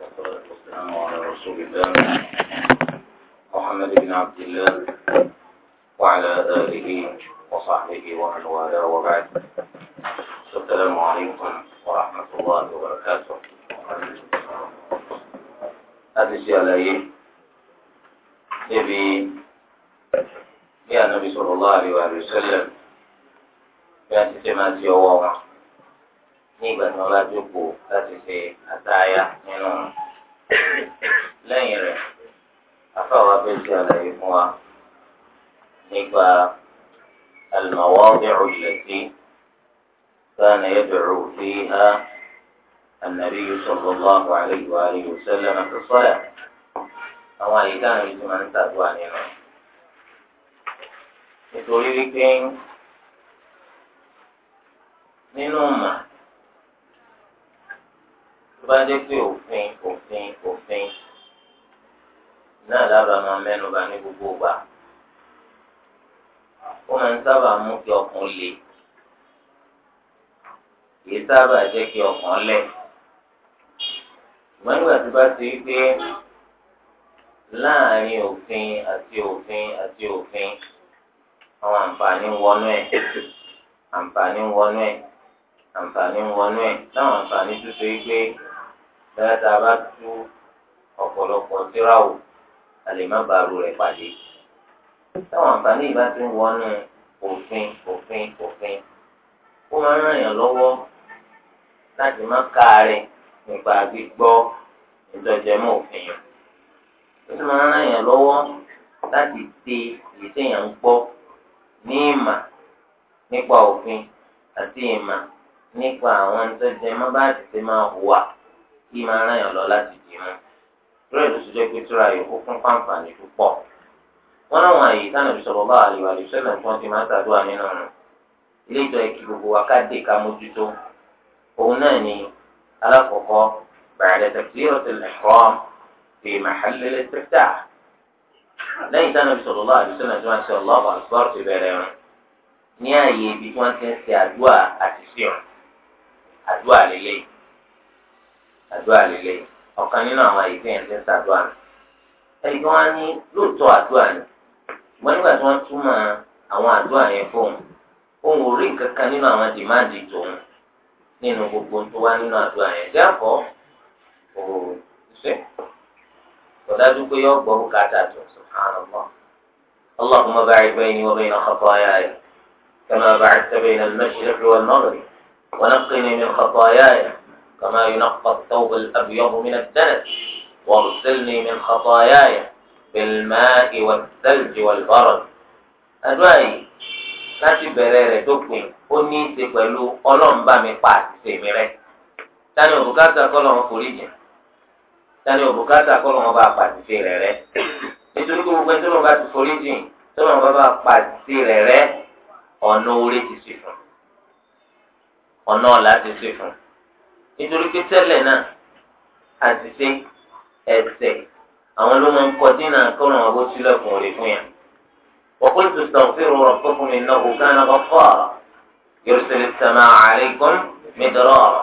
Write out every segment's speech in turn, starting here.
والصلاة والسلام على رسول الله محمد بن عبد الله وعلى آله وصحبه ومن والاه وبعد السلام عليكم ورحمة الله وبركاته أدرس عليه نبي يا النبي صلى الله عليه وسلم يا تتماتي وواما ní ìgbà tí wọn bá jókòó láti ṣe àtàyà nínú lẹ́yìn rẹ̀ afáwa bẹ ṣe àlàyé fún wa nípa المواضع التي كان يدعو فيها النبي صلى الله عليه وآله وسلم في الصلاة أو أي كان يجمع تدعو nítorí wípé nínú mà bá dé pé òfin òfin òfin náà lábà máa mẹ́nuba ní gbogbo ìgbà ó máa ń sábà mú kí ọkàn le kìí sábà jẹ́ kí ọkàn lẹ̀ ṣùgbọ́n nígbà tí bá ti rí pé láàrin òfin àti òfin àti òfin àwọn àǹfààní wọnú ẹ̀ àǹfààní wọnú ẹ̀ àǹfààní wọnú ẹ̀ láwọn àǹfààní tó ṣe pé lọ́yà tá a bá tú ọ̀pọ̀lọpọ̀ tíráwò a lè má bàrú rẹ̀ pàdé. táwọn àǹfààní ìbá ti ń wọnú òfin òfin òfin ó máa ń ràn yàn lọ́wọ́ láti má káàárẹ̀ nípa gbígbọ́ ìtọ́jẹmọ́ òfin yàn. ó sì máa ń ràn yàn lọ́wọ́ láti dé èyí téèyàn ń gbọ́ ní ìmà nípa òfin àti ìmà nípa àwọn ìtọ́jẹmọ́ bá ti ṣe máa hùwà kí máa ràn yàn lọ láti dì mú lórí ìlú sọjọ́ pé tíra yòókù fún fáǹfààní púpọ̀ wọn láwọn àyè tánàbí sọ̀rọ̀ bá àlèwà àlè sẹ́lẹ̀ tí wọ́n ti máa ń tàdúrà nínú rẹ̀ ilé ìjọ ẹ̀kí gbogbo wa káde ká mójútó òun náà ni alákọ̀ọ́kọ́ bàrẹ̀ takbiratul ihram fi mahallil istiftah lẹ́yìn tánàbí sọ̀rọ̀ bá àlè sẹ́lẹ̀ tí wọ́n ti ọ̀lọ́ àbàlùsọ̀rọ̀ ti bẹ̀rẹ̀ rẹ̀ ní àyè ibi tí wọ́n ti ń ṣe àdúrà àti síọ̀ àdúrà lélẹ́yìí àdúrà lélẹ̀ ọ̀kan nínú àwọn àyíké yẹn ti ń ṣàdúrà rẹ̀ ẹni ní lóòótọ́ àdúrà ni wọn nígbà tí wọ́n túmọ̀ àwọn àdúrà yẹn fóun òun ò rí nǹkan kan nínú àwọn dìmáàdì tòun nínú gbogbo tó wá nínú àdúrà yẹn dẹ́kọ̀ ò ṣe kọ̀dájú pé yọ gbọ́ bùkátà tó كما ينقى الثوب الأبيض من الدنس واغسلني من خطاياي بالماء والثلج والبرد أدواي láti bẹ̀rẹ̀ rẹ̀ dópin ó ní í ṣe pẹ̀lú ọlọ́mbà mi pa àtìsè mi rẹ̀ tani òbúkátà kọ́lọ̀ wọn forí jìn tani òbúkátà kọ́lọ̀ wọn bá pa àtìsè rẹ̀ rẹ̀ nítorí pé gbogbo ẹjọ́ bá ti forí jìn tọ́lọ̀ wọn bá bá pa àtìsè rẹ̀ rẹ̀ ọ̀nà orí ti sì fún ọ̀nà ọ̀la ti sì fún un nítorí pé tẹ́lẹ̀ náà àti ṣe ẹ̀sẹ̀ àwọn ló máa ń kọ dínà kọ́ràn owó sílẹ̀kùn òde fún yà. وقلت استغفروا ربكم إنه كان غفارا يرسل السماء عليكم مدرارا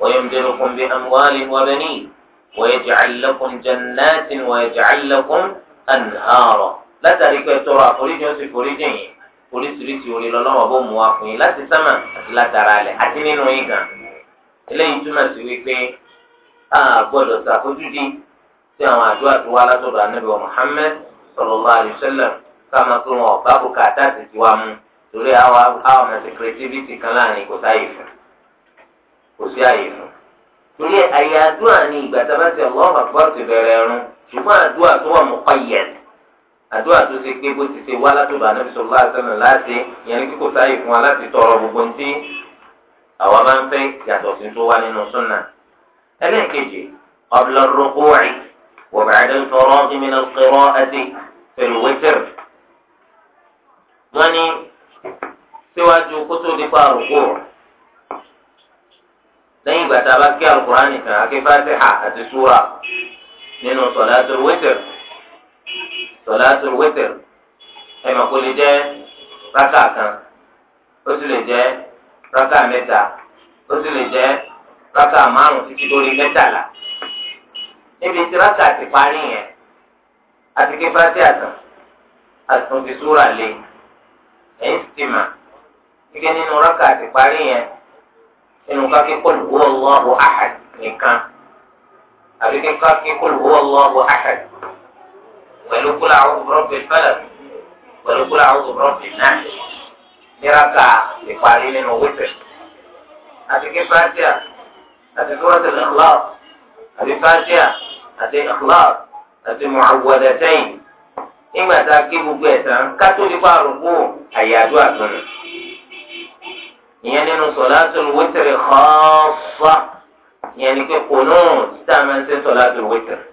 ويمدركم بأموال وبنين ويجعل لكم جنات ويجعل لكم أنهارا لا تركوا ترى فريجا سفريجين oríṣiríṣi orí lọ́lọ́wọ́ bó mu wá fún yín láti sánmà àti látara alẹ̀ àti nínú yín gan eléyìí túmọ̀ sí wípé a gbọ́dọ̀ ṣàfojúdi sí àwọn àdúrà tó wá látọ̀dọ̀ anábì wa Muhammad sallallahu alaihi wasallam káàmà pé wọn ọ̀bá bùkátà ti ti wá mú torí àwọn àwọn ọ̀nà secretivity kan láàrin kò sáyè fún kò sí àyè fún torí àyè àdúrà ni ìgbà tá a bá ti Allahu Akbar ti bẹ̀rẹ̀ ẹ̀rùn ṣùgbọ́n àdúrà tó wà muqayyad àdúrà tó ṣe pé bó ti ṣe wá látọ̀dọ̀ àwọn máa ń fẹ́ yàtọ̀ sí tó wá nínú súnà ẹlẹ́ẹ̀kejì qabla ar-ruku'i wa ba'da al-faragh min al-qira'ati wọ́n ní síwájú kótó nípa àrùkù lẹ́yìn ìgbà a bá kí al-Qur'an nìkan àti Fatiha àti súra nínú rákà mẹ́ta ó sì lè jẹ́ rákà márùn títí lórí mẹ́tàlá níbi tí rákà ti parí yẹn àti kí fásitì àtàn àtún ti súrà lé ẹ̀yìn sì ti mà kíkẹ́ nínú rákà ti parí yẹn nínú kákí kọlù nìkan àbí kí kákí kọlù pẹ̀lú kúlà níraka ìparí nínú wípé àti kí fàtíà àti sọ́wọ́tì ìkhlás àti fàtíà àti ìkhlás àti mu'awwadatayn nígbà tá a kí gbogbo ẹ̀ tán kátó nípa àrùkù àyàdó àtúnú ìyẹn nínú sọ̀látùl wítìrì khassa ìyẹn ni pé kònú títà máa ń ṣe sọ̀látùl wítìrì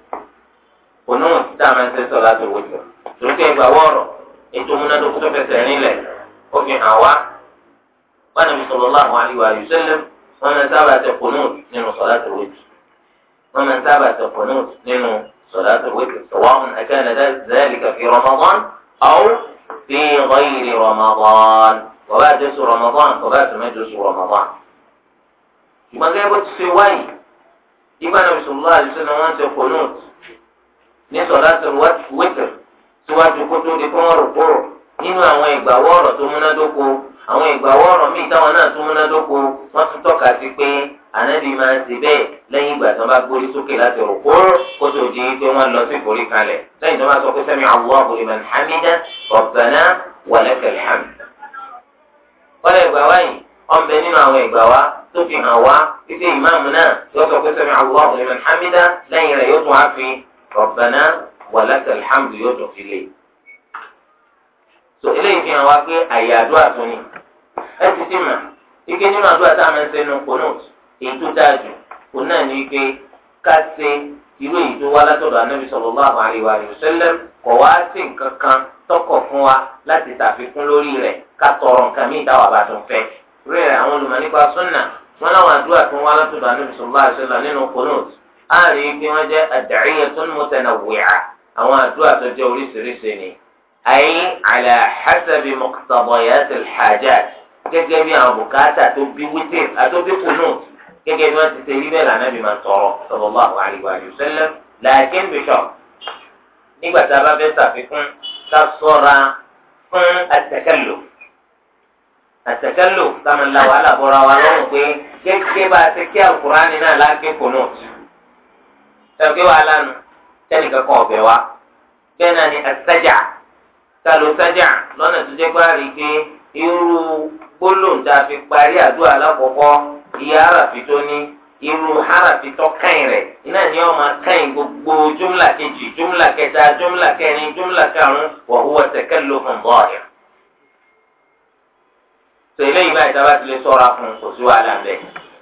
kònú títà máa ń ṣe sọ̀látùl wítìrì lókè ìgbà wọ̀rọ̀ ètò múnádókòtò fẹsẹ̀ rìn ó fi hàn wá wọn ni sallallahu alaihi wa sallam wọn máa ń sábà ṣe qunut nínú salatul witr wọn máa ń sábà ṣe qunut nínú salatul witr sawa'un akana dhalika fi Ramadan aw fi ghayri Ramadan bàbá àjọsọ Ramadan bàbá àtúmọ̀jọsọ Ramadan. ìgbọ́n gẹ́gẹ́ bó ti ṣe wáyé ìgbà náà sallallahu alaihi wa sallam wọn ṣe qunut nínú àwọn ìgbàwọ́ ọ̀rọ̀ tó múnádóko àwọn ìgbàwọ́ ọ̀rọ̀ míì táwọn náà tó múnádóko wọ́n tún tọ́ka sí pé ànábì máa ń ṣe bẹ́ẹ̀ lẹ́yìn ìgbà tí wọ́n bá gbórí sókè láti rúkú kó tó di pé wọ́n lọ sí ìforí kalẹ̀ lẹ́yìn tó bá sọ pé sami Allahu liman hamida rabbana wa lakal wọ́n lè gbà wáyìí ọ̀nbẹ tó eléyìí fi hàn wá pé àyè àdúrà tó ní ẹ ti ti mà ike nínú àdúrà tá a máa ń ṣe nu kò náà èyí tó dáa jù kò náà ní pé ká ṣe irú èyí tó wá látọ̀dọ̀ anábì sallallahu alaihi wa sallam kò wá sí nǹkan kan tọkọ̀ fún wa láti tàfikún lórí rẹ̀ ká tọrọ nǹkan míì táwa bá tún fẹ́ rẹ̀ àwọn olùmọ̀ nípa súnà wọn láwọn àdúrà tó wá látọ̀dọ̀ anábì sallallahu alaihi wa sallam nínú kò náà á rí i pé wọ́n jẹ́ ad'iyatun mutanawwi'a àwọn àdúrà tó jẹ́ oríṣiríṣi ni أي على حسب مقتضيات الحاجات كيف جميع أبوكاتا تبي وتين أتبي قنوط كيف جميع تتليم على نبي من صلى الله عليه وآله وسلم لكن بشرط نيكو سبب يتفقون تصورا فن التكلف التكلف كما لو على برا ولون كي كيف كيف أتكي القرآن هنا لكن قنوط تبقى على تلك قوة بيوا كنا نتسجع ta ló sájà lọ́nà tó jẹ́ pé àrí pé irú gbólóhùn tá a fi parí àdúrà alákọ̀ọ́kọ́ iye àràfi tó ní irú àràfi tó kàn rẹ̀ iná ni wọ́n máa kàn gbogbo jumla kejì jumla kẹta jumla kẹrin jumla karùn-ún wa huwa takallufun zahir. sèlè ìgbà ìtaba ti lè sọ̀rọ̀ àfún kò sí wàhálà bẹ́ẹ̀.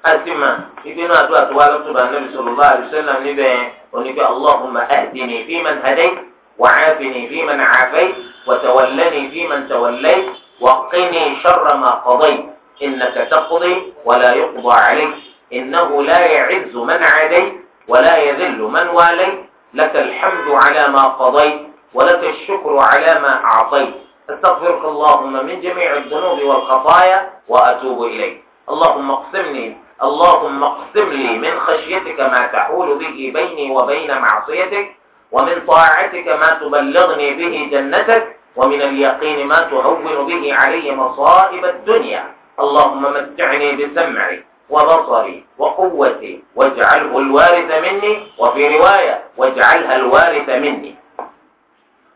asima ibi àdúrà tó wá lọ́tún bá nàbì sallallahu alaihi wasallam níbẹ̀ oníkẹ́ allahumma ahdini fi man hadayt. وعافني فيمن عافيت وتولني فيمن توليت وقني شر ما قضيت إنك تقضي ولا يقضى عليك إنه لا يعز من عاديت ولا يذل من واليت لك الحمد على ما قضيت ولك الشكر على ما أعطيت استغفرك اللهم من جميع الذنوب والخطايا وأتوب إليك اللهم اقسمني اللهم اقسم لي من خشيتك ما تحول به بيني وبين معصيتك ومن طاعتك ما تبلغني به جنتك ومن اليقين ما تعون به علي مصائب الدنيا اللهم متعني بسمعي وبصري وقوتي واجعله الوارث مني وفي رواية واجعلها الوارث مني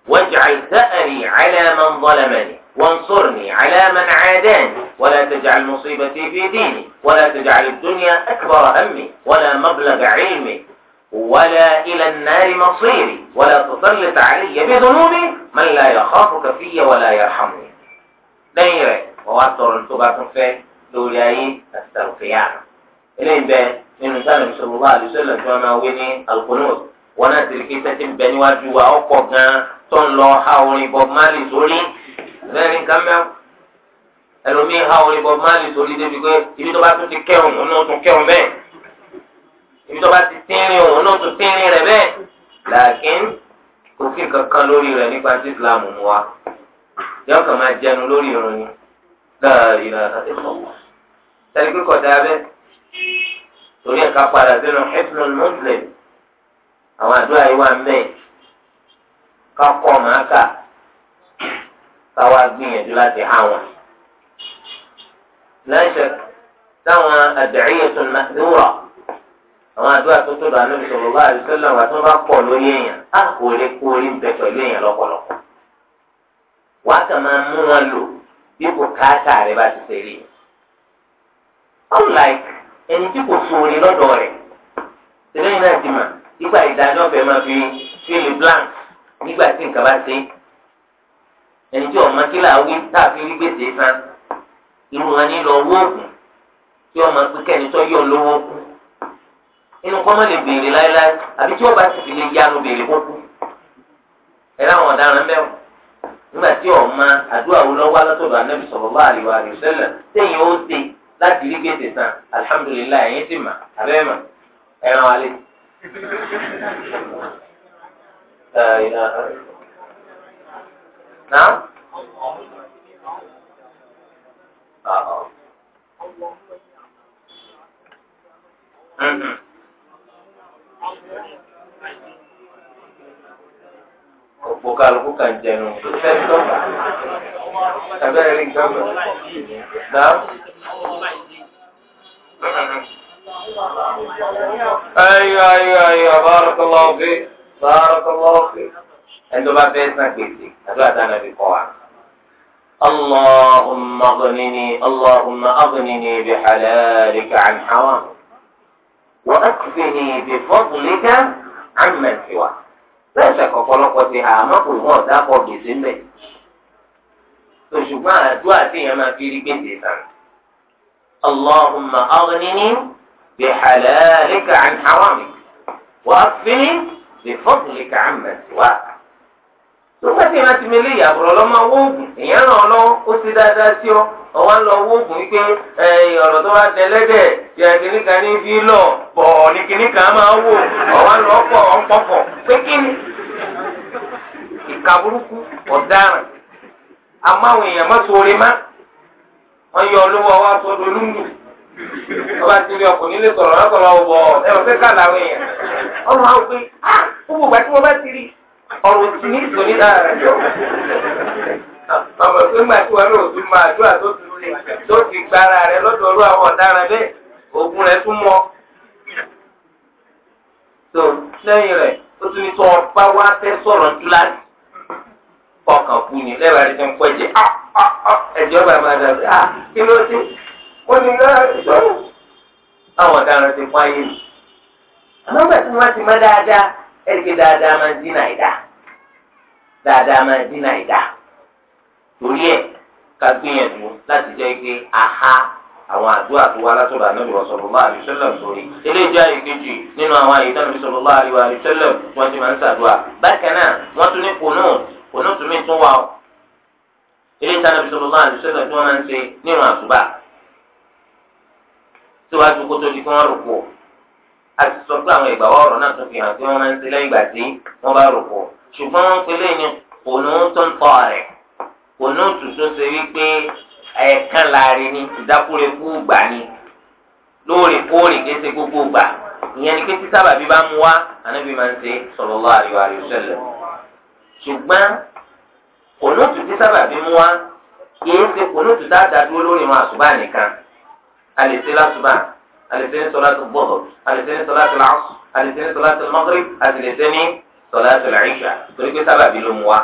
واجعل ثأري على من ظلمني وانصرني على من عاداني ولا تجعل مصيبتي في ديني ولا تجعل الدنيا أكبر همي ولا مبلغ علمي ولا إلى النار مصيري ولا تسلط علي بذنوبي من لا يخافك في ولا يرحمني lẹ́yìn rẹ̀ wọ́n wá tọrọ tó bá tún fẹ́ lórí ayé àti àlùfẹ́yàmù. eléyìí bẹ nínú sálẹ̀ ìṣòwò àlùsọ̀lẹ̀ tí wọ́n máa wé ní alukónóòt wọn náà ti rí kí sẹ́tì ń bẹ níwájú wa ọ̀pọ̀ gan-an tó ń lọ ha orin Bob Marley sórí lẹ́rìn kámẹ́ọ̀ ẹlòmíì ha orin Bob Marley sórí débi pé ibi tó bá tún ti kẹrùn-ún náà tún kẹrùn bẹ́ẹ̀ ìjọba ti tínrín òun náà tún tínrín rẹ̀ bẹ́ẹ̀ làákín kò sí kankan lórí rẹ̀ nípa tí islam mú wa yọ kàn máa jẹnu lórí irun ni láàrin àtàkùn tẹ̀lé kíkọ̀ dá bẹ́ẹ̀ torí ẹ̀ka padà sínú ẹ̀fọn muslim àwọn àdúrà yìí wà mẹ́ẹ̀ kakọ̀ máa kà káwa gbìyànjú láti há wọn. táwọn àdìríyẹ̀ tó ń máa ń wúrọ̀. àwọn àdúrà tó tó lọ ànábi sọ̀rọ̀ wá àdúrà wà tó bá pọ̀ lórí èèyàn á kò lè kó orí ń pẹ̀lú èèyàn lọ́pọ̀lọpọ̀ wàá kà máa mú wọn lò bí kò káàtà rẹ bá ti ṣe rí i unlike ẹni tí kò so orí lọ́dọ̀ rẹ̀ tẹ́lẹ̀yìn náà ti mà ìdájọ́ fẹ́ máa blank nígbà tí nǹkan bá ṣe ẹni tí ọmọ kílà wí rí inú kọ́ mọ́ lè béèrè láéláé àbí tí wọ́n bá ti fi lè yanu béèrè kókó ẹ láwọn ọ̀daràn bẹ́ẹ̀ nígbà tí ọ̀ma àdúrà wo lọ́wọ́ alátọ̀dọ̀ anábì sallallahu alaihi wa sallam sẹ́yìn ó ṣe láti rí gbèsè tán alihamudulilayi ẹ̀yìn sì mà abẹ́rẹ́ mà ẹ̀ràn alẹ́. Náà. Ah, ah. Mm-hmm. kálukú kan jẹnu tó sẹ́ńtọ́ abẹ́rẹ́ rí nǹkan mọ̀ náà. أيوة أيوة أيوة بارك الله فيك بارك الله فيك أنتم ما فيسنا كيسي أبدا أنا بقوة اللهم اغنني اللهم اغنني بحلالك عن حرامك واكفني بفضلك عمن سواك lẹ́sẹ̀ kọ̀pọ̀lọpọ̀ ti hà àmọ́ kò mọ̀ dápọ̀ gbèsè mbẹ̀. Òṣùgbọ́n àdúrà tí èèyàn máa fi rí gbèsè sàn. Allahumma aghnini bi halalika an haramik wa afini bi fadlika amma siwak. nígbà tí ìran ti mi lé ìyàbọ̀rọ̀ lọ́mọ owó oògùn èèyàn ràn ó ti dáadáa sí ọ ọwọ́ ń lọ owó oògùn wípé ọ̀rọ̀ tó bá dẹlẹ́dẹ̀ yẹ ní fi lọ pọ̀ ní máa wò ọwọ́ ń lọ pé ìka burúkú ọ̀daràn èèyàn sóore má olówó ọwọ́ àtọ́dọ̀ ọba ọkùnrin lè sọ̀rọ̀ lọ́sọ̀rọ̀ ọ̀bọ̀ ọ̀rọ̀ tí ní ìtò nílá rẹ̀ yọ. Ọmọ pé ńgbà tí wọn náà tún máa dúrà tó tún lè tó fi gbára rẹ̀ lọ́dọ̀ ọ̀rọ̀ àwọn ọ̀daràn bẹ́ẹ̀ òògùn rẹ̀ tún mọ́. Tó lẹ́yìn rẹ̀ ó tún ní tó ọba wá fẹ́ sọ̀rọ̀ kíláàsì. Ọkàn kù ní lẹ́wà rẹ̀ jẹun pọ̀ jẹ́ ẹ̀jọ́ bàbá dàbí à ah, kí ló dé? Wọ́n ní náà ìṣòro. Àwọn ọ̀daràn ti pa ayé mi. Àwọn bàtí wọ́n ti mọ́ dáadáa ẹ̀kẹ́ dáadáa máa ń dín náà ìdá dáadáa máa ń dín náà ìdá torí ẹ̀ ká gbìyànjú láti jẹ́ pé àhá àwọn àdúrà tó wá látọ̀dọ̀ ànábì sallallahu alaihi wasallam sórí eléjọ́ ìkejì nínú àwọn àyè tánàbì sallallahu alaihi wasallam wọ́n ti máa ń ṣàdúrà bákan náà wọ́n tún ní kùnúùtù kùnúùtù mi tún wà ó eléyìí tánàbì sallallahu alaihi wasallam tí wọ́n máa ń ṣe nínú àsùbà síwájú wọ́n rò àti sọ pé àwọn ìgbà ọ̀rọ̀ náà tún fi hàn pé wọ́n máa ń ṣe lẹ́yìn ìgbà tí wọ́n bá rò pọ̀ ṣùgbọ́n wọ́n pe lẹ́yìn ònú tó ń tọ́ rẹ̀ ònú tùtù ṣe wípé ẹ̀ẹ̀kan láàrin ni ìdákúrekú gbà ni lóòrèkóòrè kìí gbogbo gbà ìyẹn ni pé tí sábàbí bá mú wá ànábì máa ń ṣe sallallahu alaihi wasallam ṣùgbọ́n ònú tùtù sábàbí mú wá kìí ṣe ònú tùtù àdádúró lórí wọn àṣùbà nìkan a ṣe lásùbà alẹ́sẹ̀ ní sọláàtì bọ́ọ̀lù alẹ́sẹ̀ ní sọláàtì làásù alẹ́sẹ̀ ní sọláàtì mọ́gírì alẹ́sẹ̀ ní sọláàtì làíṣà torí pé sábàbí ló mú wa.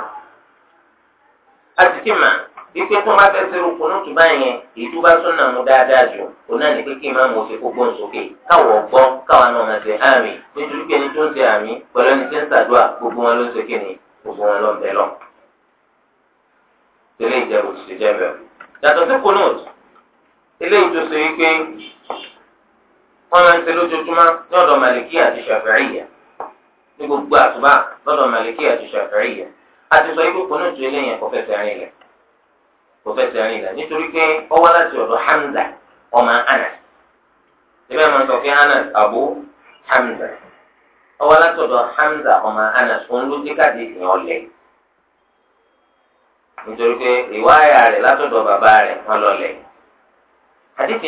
àtìkí mà wípé tó máa fẹ́ sẹ́rù kùnú tù báyẹn ètò bá tún nà mú dáadáa jù kó náà ní kékeré máa mú òfin kó gbóhùn sókè káwọ̀ gbọ́ káwọn náà máa ṣe àmì nítorí pé ẹni tó ń ṣe àmì pẹ̀lú ẹni tí ń ṣàdúrà gbogbo wọn ló ń sókè ní gbogbo wọn ló ń bẹ̀ lọ. ilé ìjẹun ti jẹ bẹ́ẹ̀. yàtọ̀ sí kùnú eléyìí tó ṣe wípé wọn máa ń ṣe lójoojúmọ́ ní ọ̀dọ̀ màlìkí àti ní gbogbo àtúbà lọ́dọ̀ màlìkí àti ṣàfẹ́rìyà àti sọ ikú kùnú ju eléyìn kò fẹsẹ̀ rìn lẹ̀ kò fẹsẹ̀ rìn lẹ̀ nítorí pé wá láti ọ̀dọ̀ Hamza ọmọ Anas ebe máa sọ pé Anas Abu Hamza ó wá láti ọ̀dọ̀ Hamza ọmọ Anas òun ló dé káàdì ìsìn ọ̀lẹ̀ nítorí pé ìwáyà rẹ̀ látọ̀dọ̀ bàbá rẹ̀ wọn lọ lẹ̀ àdìsí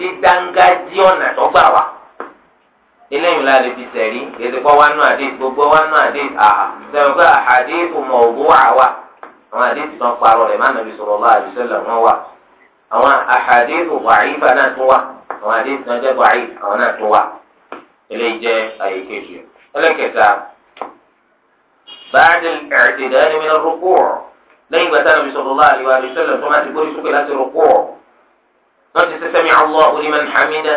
dé dángájí ọ̀nà tó gbà wá eléyìí la lè fi sẹ̀rí èdè kọ́ wá nù àdé gbogbo wá nù àdé àhà sẹ́wọ̀n pé àhàdé òmò òbó wà wá àwọn àdé tí wọ́n parọ́ rẹ̀ máa nàbí sọ̀rọ̀ lọ́wọ́ àdìsẹ́lẹ̀ wọn wà àwọn àhàdé òbò àyíká náà tún wà àwọn àdé tí wọ́n jẹ́ bọ̀ àyí àwọn náà tún wà eléyìí jẹ́ àyè kejì ẹlẹ́kẹta báyìí ẹ̀ẹ́dẹ̀dẹ̀ ẹni mi lọ rúkú lẹ́yìn gbàtà nàbí sọ̀rọ̀ lọ́wọ́ àdìsẹ́lẹ̀ tó má ti gbórí sókè láti rúkú wọ́n ti sẹ́sẹ́ mi Allahu liman hamida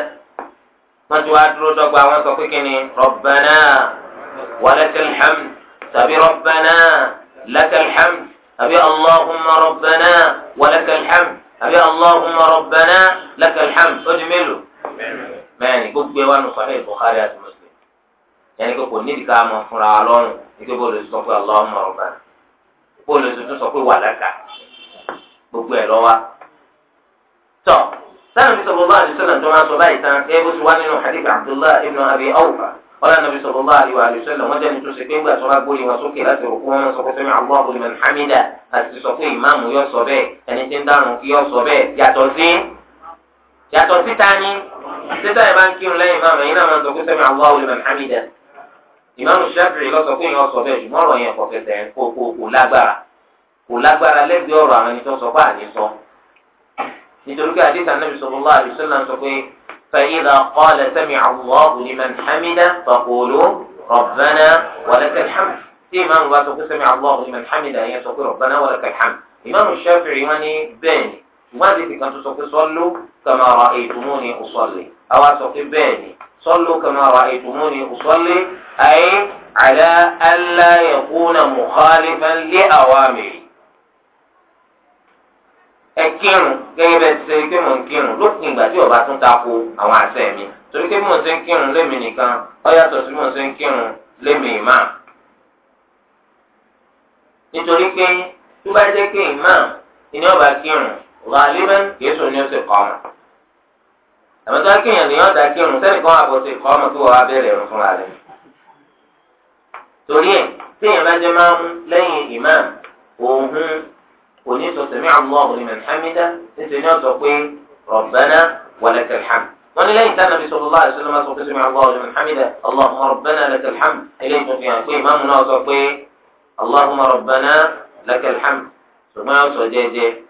wọ́n ti wá dúró dọ́gba wọ́n sọ pé kíni rabbana walakal hamd tàbí rabbana lakal hamd tàbí allahumma rabbana walakal hamd tàbí allahumma rabbana lakal hamd ó di mélòó mẹ́rin gbogbo ẹ̀ wà nù Sahih Bukhari àti Muslim yẹnni kò kò nídìí ká mọ fúnra lọ́rùn nígbà bó lè tọ́ sẹ́yìn bí sọ̀rọ̀ bá àdìsọ́nà tó máa sọ báyìí tán ẹ bó ti wá nínú hadith abdullahi ibn abi awfa ọlọ́run nàbí sọ̀rọ̀ bá àdìwà àdìsọ́nà wọ́n jẹ́ni tó ṣe pé ńgbà tó bá gbórí wọn sókè láti rò kó wọn sọ pé sẹ́mi allahu liman hamida àti sọ pé ìmáàmù yóò sọ bẹ́ẹ̀ ẹni tí ń dárun kí yóò sọ bẹ́ẹ̀ yàtọ̀ sí yàtọ̀ sí tani títà ẹ̀ bá ń kírun lẹ́yìn ìmáàmù ẹ̀yin náà máa sọ pé sẹ́mi allahu liman hamida ìmáàmù Shafi'i lọ sọ pé sọ bẹ́ẹ̀ ṣùgbọ́n ọ̀rọ̀ yẹn kò fẹsẹ̀ kò lágbára kò lágbára lẹ́gbẹ̀ẹ́ ọ̀rọ̀ àwọn ẹni tó sọ pé àní nítorí pé àdìsí anábì sallallahu alaihi wasallam sọ pé فإذا قال سمع الله لمن حمده فقولوا ربنا ولك الحمد tí ìmáàmù bá sọ pé sẹ́mi àlọ́ọ̀hún ìmọ̀ ìhámìdá yẹn sọ pé rabbana wa lakal hamd ìmáàmù Shafi'i wọn ní bẹ́ẹ̀ni ìwádìí ti kan tó sọ pé sallu kama ra'aytumuni usalli àwa sọ pé bẹ́ẹ̀ni sallu kama ra'aytumuni usalli ay ala alla yakuna mukhalifan li awamiri. ẹ kírun gẹ́gẹ́ bẹ́ẹ̀ ṣe pé mò ń kírun lópin ìgbà tí ọba tún tako àwọn àṣẹ mi torí pé mò ń ṣe ń kírun lémi nìkan ó sí mò ń ṣe ń kírun lémi imam nítorí pé tó bá jẹ́ pé imam ìní ọba kírun ghaliban yéṣu ni ó sì kọ́ ọmọ àmọ́ tó bá kéèyàn lè yàn dá kírun àbọ̀ sí kọ́ ọmọ tó wà á bẹ̀rẹ̀ ẹ̀rùn fúnra rẹ̀ torí ẹ̀ téèyàn bá jẹ́ máa ń lẹ́yìn imam òun كنت سمع الله لمن حمده إذن يتقين ربنا ولك الحمد وأن إليه كان النبي صلى الله عليه وسلم أصبح سمع الله لمن حمده اللهم ربنا لك الحمد إليه تقين أقين ما من أتقين اللهم ربنا لك الحمد ثم يتقين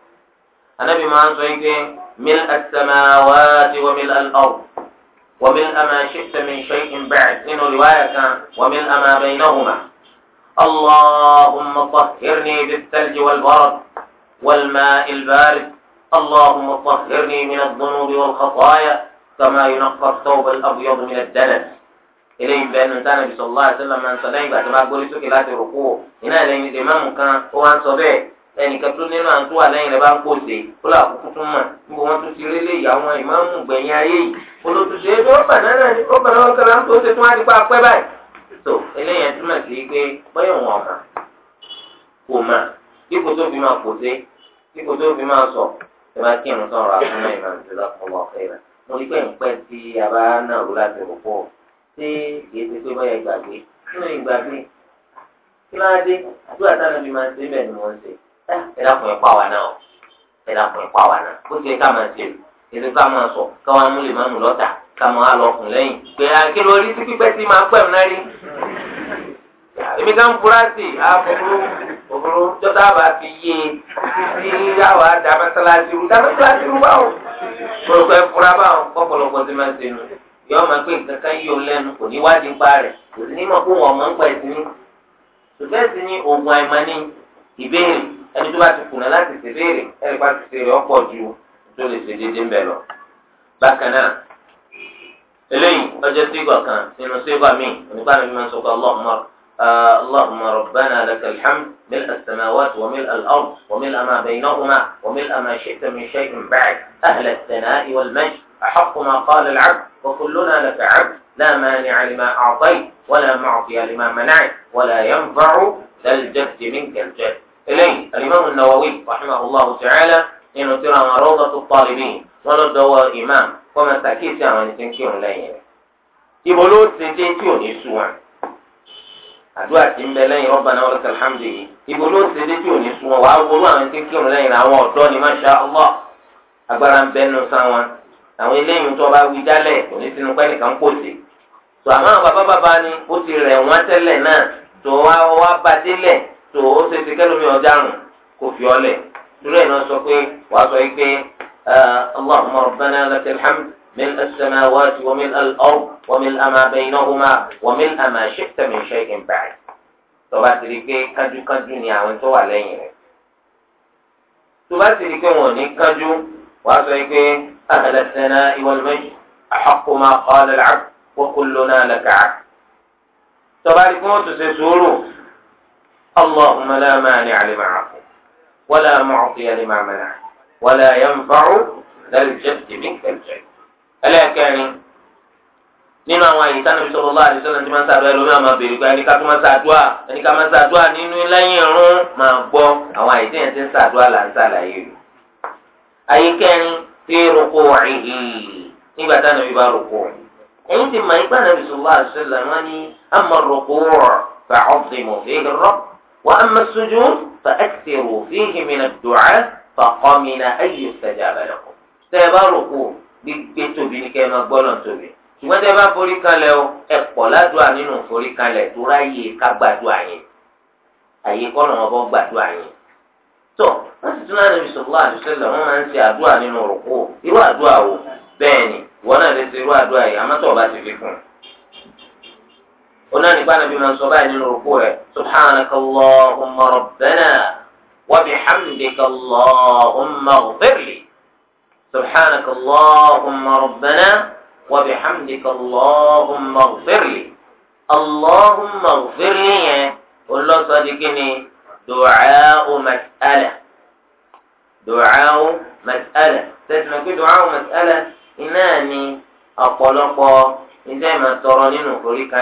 النبي ما أتقين ملء السماوات وملء الأرض وملء ما شئت من شيء بعد إن رواية وملء ما بينهما اللهم طهرني بالثلج والبرد والماء البارد اللهم طهرني من الذنوب والخطايا كما ينقى الثوب الأبيض من الدنس eléyìí bẹ́ẹ̀ nù tánà bisọ̀ lọ́wọ́ àtẹ́lẹ̀ máa ń sọ lẹ́yìn ìgbà tó máa gbórí sókè láti rò kó o iná lẹ́yìn ìdè máàmù kan ó wá ń sọ bẹ́ẹ̀ ẹnìkan tó nínú à ń tó wà lẹ́yìn rẹ̀ bá ń pòsè ó lọ àkókò tún mọ̀ níbo wọ́n tún ti rí lé ìyàwó ìmáàmù gbẹ̀yìn ayé yìí olótùsọ ebi ó bà náà ní ó bà náà kan láti tó ṣe tún á ti pa pẹ́ báyìí. tó eléyìí túmọ̀ sí pé bọ́yọ̀ wọn ọ̀mà kò máa kíkò tó fi máa pòṣe kíkò tó fi máa sọ ẹ máa kí ẹnu sọ̀rọ̀ àfúnná ìmọ̀ ìjọba ọmọ ọ̀fẹ́ rẹ̀ mo rí pé nǹkan tí a bá náà rú láti rò pọ̀ ṣé kìí ṣe pé báyà gbàgbé nínú ìgbàgbé kí ló á dé àdúrà táwọn ẹbí máa ń ṣe bẹ́ẹ̀ ni wọ́n ṣe ah, ẹ dákun ẹ̀ pàwà náà ẹ dákun ẹ̀ pàwà náà ó ṣe ká máa ṣe èdè ká máa sọ káwọn amúlè máa mú lọ́tà ká máa lọ ọkùn lẹ́yìn pé ah, kí ló rí sí pípẹ́ tí máa pẹ̀ mú náà rí èmi ká ń fura àbúrò òbúrú jọ́tà bá fi yé e tí yàwá dàmẹ́sálásí rú dàmẹ́sálásí rú báwọn pọ̀lọpọ̀ ẹ̀fúra báwọn pọ̀pọ̀lọpọ̀ ti máa ń sẹ́nu yọ ọmọ pé nǹkan kan yí o lẹ́nu kò ní wádìí ń pa rẹ̀ kò sí ní mọ̀ pé wọ́n mọ̀ ń pẹ̀ sí ní ṣùgbọ́n sí ní oògùn àìmọ́ ní ìbéèrè ẹni tó bá ti kùnà láti ṣèbéèrè ẹni bá ti ṣèrè ọ̀pọ̀ ju tó lè ṣe déédéé ń bẹ̀ lọ. bákan náà eléyìí ọjọ́ sígọ̀ kan nínú sígọ̀ míì onígbà mi máa ń sọ pé ọlọ́ọ̀ mọ́rọ̀ آه، اللهم ربنا لك الحمد ملء السماوات وملء الأرض وملء ما بينهما وملء ما شئت من شيء بعد أهل الثناء والمجد أحق ما قال العبد وكلنا لك عبد لا مانع لما أعطيت ولا معطي لما منعت ولا ينفع ذا الجهد منك الجهد إليه الإمام النووي رحمه الله تعالى إن ترى روضة الطالبين ونردوا إمام ومساكيس يعني تنكيون لين يبلوت سنتين يسوع àdúrà tí ń bẹ lẹ́yìn Rabbana wa lakal hamdu yìí ibo ló ń ṣe dé tí ò ní sun wọn wàá wọlé àwọn kékeré lẹ́yìn àwọn ọ̀dọ́ ni masha Allah agbára ń bẹnu sáwọn àwọn eléyìí tó bá wí dálẹ̀ kò ní sinú pẹ́ nìkan kò sí. tó àmọ́ àwọn bàbá bàbá ni ó ti rẹ̀ wọ́n tẹ́lẹ̀ náà tó wá wá bá délẹ̀ tó ó ṣe ti kẹ́lómi ọ̀daràn kò fi ọlẹ̀ dúró ẹ̀ náà sọ pé wàá sọ pé ah, Allahumma ملء السماوات وملء الأرض وملء ما بينهما وملء ما شئت من شيء بعد tó bá ti rí pé kánjúkánjú ni àwọn tó wà lẹ́yìn rẹ̀ أهل الثناء والمجد أحق ما قال العبد وكلنا لك عبد tó bá rí pé اللهم لا مانع لما أعطيت ولا معطي لما منعت ولا ينفع للجد منك الجد ẹlẹ́ẹ̀kẹrin nínú àwọn àyè sanabi sallallahu alaihi wasallam tí máa ń sàdúrà ẹlòmí àwọn abèrè gba ẹni ká tó máa sàdúrà ẹni ká máa sàdúrà nínú lẹ́yìn irun máa gbọ́ àwọn àyè tẹ̀yẹ̀ tí ń sàdúrà là ń sàlàyé rẹ̀. àyè kẹrin fi rúkọ ìhì nígbà tá nàbí bá rúkọ. ẹ̀yin ti mọ̀ nípa nàbí sallallahu alaihi wasallam wọn ni amma ar-ruku' fa'azzimu fihi ar-rabb wa amma as gbígbé tóbi ní kẹ́ ẹ máa gbọ́nà tóbi ṣùgbọ́n tẹ́ bá forí kalẹ̀ o ẹ pọ̀ ládùúà nínú forí kalẹ̀ tó ráyè ká gbàdúrà yẹn àyè bọ́ yẹn tó wọ́n sì tún láti wọ́n máa ń ṣe nínú irú wo bẹ́ẹ̀ ni náà lè ṣe irú àmọ́ o bá ti fi un máa sọ báyìí nínú سبحانك اللهم ربنا وبحمدك اللهم اغفر لي اللهم اغفر لي والله صدقني دعاء مسألة دعاء مسألة تسمع كي دعاء مسألة إناني أقلقا إذا ما ترى نينو كوريكا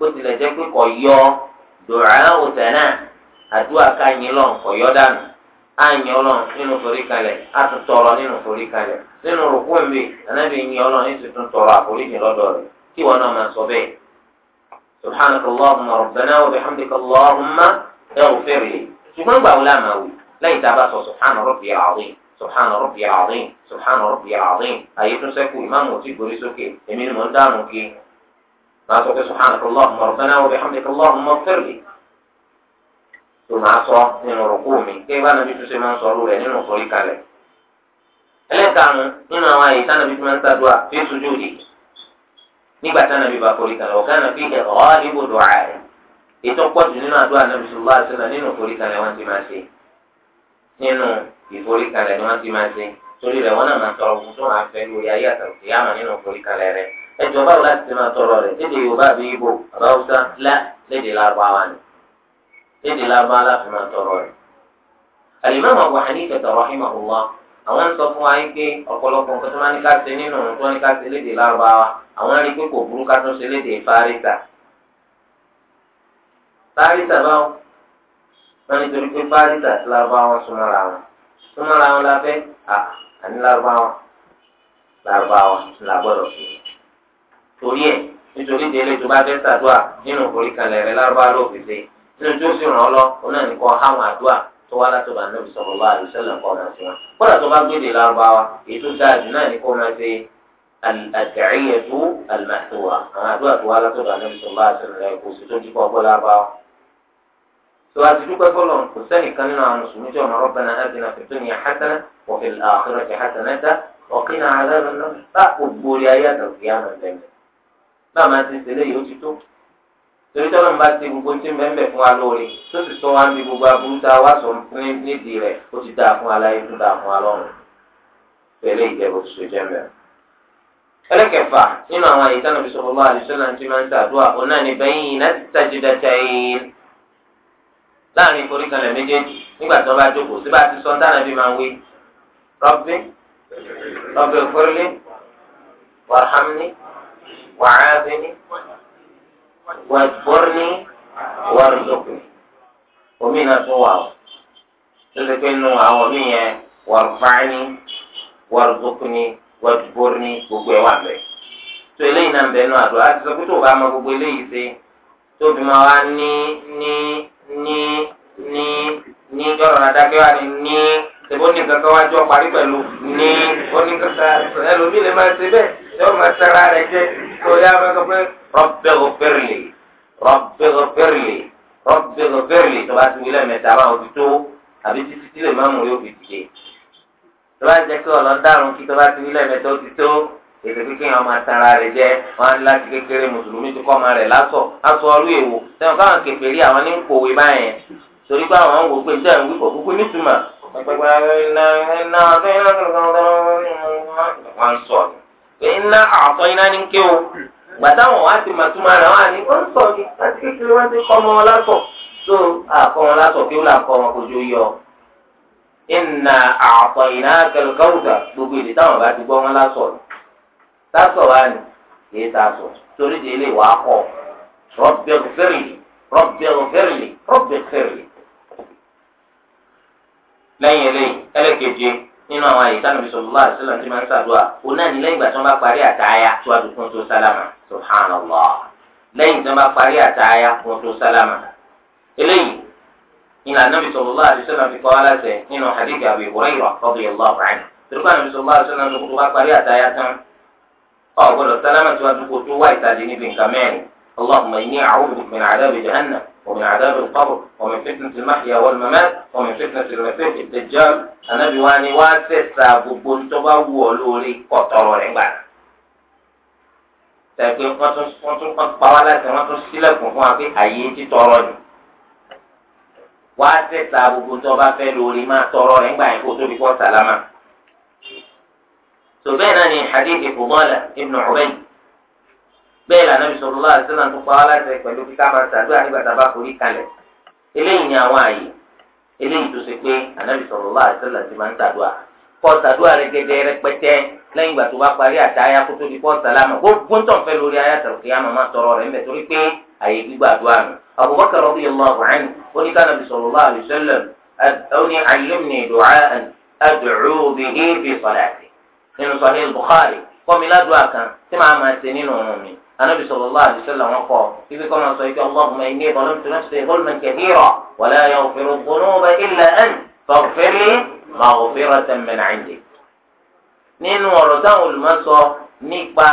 قلت لجاكي قيو دعاء تنا أدوى كان يلون قيو دانو àyìn ọlọ́run nínú forí kalẹ̀ àtún tọrọ nínú forí kalẹ̀ nínú rògbò mi ànábì yìn ọlọ́run ní tuntun tọrọ àforíjì lọ́dọ̀ rẹ̀ kí wọn náà máa sọ bẹ́ẹ̀. subhanak allahumma rabbana wa bihamdika allahumma yaghfir li ṣùgbọ́n gbàgbọ́ la máa wí lẹ́yìn tá a bá sọ subhana rabbi azim subhana rabbi azim subhana rabbi azim àyè tún sẹ́kù ìmáàmù ò ti gbórí sókè èmi ni mò ń dáhùn kí. máa sọ pé subhanak allahumma rabbana wa bihamdika allahumma yaghfir tó máa sọ nínú rògbò mi kí n bá nàbí túnṣe máa ń sọ lórí ẹ nínú sórí kalẹ̀. ẹlẹ́karùn-ún nínú àwọn àyè tánàbí tó máa ń sàdúrà fi sojú òde nígbà tánàbí bá forí kalẹ̀ ọ̀gá nàbí ẹ̀họ́ àdìbòdò ààrẹ ètò pọ̀jù nínú àdúrà nàbí sọlá àṣẹlá nínú forí kalẹ̀ wọ́n ti máa ṣe nínú ìforí kalẹ̀ ni wọ́n ti máa ṣe torí rẹ̀ wọ́n náà máa tọrọ fún tó máa fẹ́ lórí ayé lédè lábá láti máa tọrọ rẹ̀. Al-Imam Abu Hanifa rahimahullah àwọn ń sọ fún wa yín pé ọ̀pọ̀lọpọ̀ nǹkan tó máa ní ká ṣe nínú tó ní ká ṣe lédè lárúbáwá àwọn rí pé kò burú ká tó ṣe lédè fárísà. fárísà báwo wọ́n nítorí pé fárísà ti lárúbáwá súnmọ́ra wọn súnmọ́ra wọn la fẹ́ àní lárúbáwá lárúbáwá la gbọ́dọ̀ fi. torí ẹ̀ nítorí délé tó bá fẹ́ ṣàdúrà nínú orí kan lẹ̀rẹ̀ lárúbáwá ló fi ṣe nínú tó sì ràn ọ́ lọ ó náà nìkan háwọn àdúrà tó wá látọ̀dọ̀ ànábì sọ̀rọ̀ bá àlùsọ̀lẹ̀ kọ́ máa ṣe wọn. kódà tó bá gbéde lárúbáwá èyí tó dáa jù náà ní kó máa ṣe àtẹ̀ríyẹ̀dú àlùmáṣẹ́wà àwọn àdúrà tó wá látọ̀dọ̀ ànábì sọ̀rọ̀ bá àlùsọ̀lẹ̀ kò sí tó dúpọ̀ ọgbọ́ lárúbáwá. tó a ti dúpẹ́ fọlọ́ kò sẹ́nìkan nínú àwọn mùsùlùmí tí ọmọ rọ́bìnrin àdínà fi tún ní hasana wọ́pẹ̀ àkérèké hasanata ọ̀kìn àdáyébẹ̀ náà bá ògbórí ayé torí tọ́lọ́ ń bá ti gbogbo tí ń bẹ́ẹ̀ fún wa lóore tó sì sọ wá ń bi gbogbo aburú tá a wá sọ nídìí rẹ̀ ó ti dáa fún aláyé tó dáa fún alọ́run pẹ̀lú ìjẹ́bù tó jẹ́ mẹ́rin. ẹlẹ́kẹ̀fà nínú àwọn àyè tánà bisọ̀ bọ́lá àdìsọ́lá tí máa ń ṣàdúrà òun náà ní bẹ́yìn láti tají dáta yìí láàrin ìforíkalẹ̀ méjèèjì nígbà tó bá jókòó síbá ti sọ dáná bí máa ń wí wàgbọ́ni wàrúdùkù omi náà tún wà ó tó ṣe pé nu àwọn omi yẹn wàrúfáàní wàrúdùkùni wàgbọ́ni gbogbo ẹ̀ wà bẹ́ẹ̀ tó eléyìí náà bẹ́ẹ̀ náà àdúrà àti sọ pé tó o bá mọ gbogbo eléyìí ṣe tó fi máa wá ní ní ní ní ní jọ̀rọ̀ adágbé wa ni ní ṣèbó ní kankan wájú ọ parí pẹ̀lú ní ó ní kankan ẹlòmíì lè máa ṣe bẹ́ẹ̀ yóò máa sara rẹ̀ jẹ́ torí abẹ́kọ̀ pé rọ́bì ọ̀fẹ́rìlì rọ́bì ọ̀fẹ́rìlì rọ́bì ọ̀fẹ́rìlì tó bá ti wílẹ̀ mẹ́ta bá òbí tó àbí títí tí lè má mú yóò fi dìde tó bá jẹ́ pé ọ̀lọ́ dárun kí tó bá ti wílẹ̀ mẹ́ta ó ti tó èdè kékeré wọn máa sara rẹ̀ jẹ́ wọn á láti kékeré mùsùlùmí ti kọ́ ọmọ rẹ̀ lásọ̀ aṣọ ọlú èwo sẹ́wọ̀n káwọn kèfèrí àwọn ní báyẹn torí pé àwọn wò pé ìjọ ìwé kò kúkú nítumọ̀ wọn sọ ni pé iná àtọ̀ iná ní ké o gbàdáwọn wá ti màtúmọ̀ rẹ̀ wá ní wọ́n sọ ní láti kékeré wọ́n ti kọ́ ọmọ wọn lásọ̀ tó àkọ́ wọn lásọ̀ kí ó là kọ́ wọn kojú yọ. iná àtọ̀ iná kẹlẹ́kọ́wùdà gbogbo èdè táwọn bá ti gbọ́ wọn lásọ̀ lásọ̀ wá ní kì í sàsọ̀ torí di ilé wàá kọ́ rọ́bẹ̀rẹ̀fẹ̀rì rọ́bẹ̀rẹ̀fẹ̀rì rọ́bẹ̀rẹ̀fẹ̀rì lẹ́yìn eléyìí ẹlẹ́kẹ̀jẹ̀ nínú àwọn àyíká nàbí sọlọ́lá àṣìlá tí máa ń ṣàdúrà ó náà ní lẹ́yìn ìgbà tí wọ́n bá parí àtàyà tó a dùkún tó sálámà subhanallah lẹ́yìn tí wọ́n bá parí àtàyà kún tó sálámà eléyìí ìlànà nàbí sọlọ́lá àṣìlá fi kọ́ aláṣẹ nínú hadith Abi Hurairah radiyallahu anhu tìrúkà nàbí sọlọ́lá àṣìlá tó kó tó bá parí àtàyà tán ọ̀ gbọ́dọ̀ sálámà tó a dùkún tó wá ìtàdé níbi nǹkan mẹ́rin allahumma ومن عذاب القبر ومن فتنة المحيا والممات ومن فتنة المسيح الدجال النبي واني واسسا بوبون تبا وولوري قطر رنبا tẹ̀pé wọ́n tún wọ́n tún wọ́n pa wá láti wọ́n tún sílẹ̀kùn fún wa pé àyè ti tọrọ ni wá tẹ̀sà gbogbo tó bá fẹ́ lórí máa tọrọ rẹ̀ ńgbà yẹn kó tó fi kọ́ sàlámà. tòbẹ́ náà ni hadith Fudala ibn Ubayy bẹ́ẹ̀ lànà bisalòlá àdìsẹ́nà tó pa aláṣẹ pẹ̀lú kíkà máa ṣàdúrà nígbà tá a bá forí kalẹ̀ eléyìí ni àwọn àyè eléyìí tó ṣe pé ànábì sallallahu alaihi wasallam ti máa ń ṣàdúrà kọ́ ṣàdúrà rẹ gẹ́gẹ́ rẹpẹtẹ lẹ́yìn ìgbà tó bá parí àtàyà kó tó di kọ́ sàlámà gbogbo tó ń fẹ́ lórí ayatollah kìyàmà máa tọrọ rẹ̀ ńbẹ̀ torí pé àyè gbígbàdúrà nù Abubakar anabi sallallahu alaihi wasallam wọn kọ ibi kọ́ máa sọ ike allahumma inni zalamtu nafsi zulman kathira wa la yaghfiru dhunuba illa anta faghfir li maghfiratan min 'indik. nínú ọ̀rọ̀ táwọn olùmọ̀sọ nípa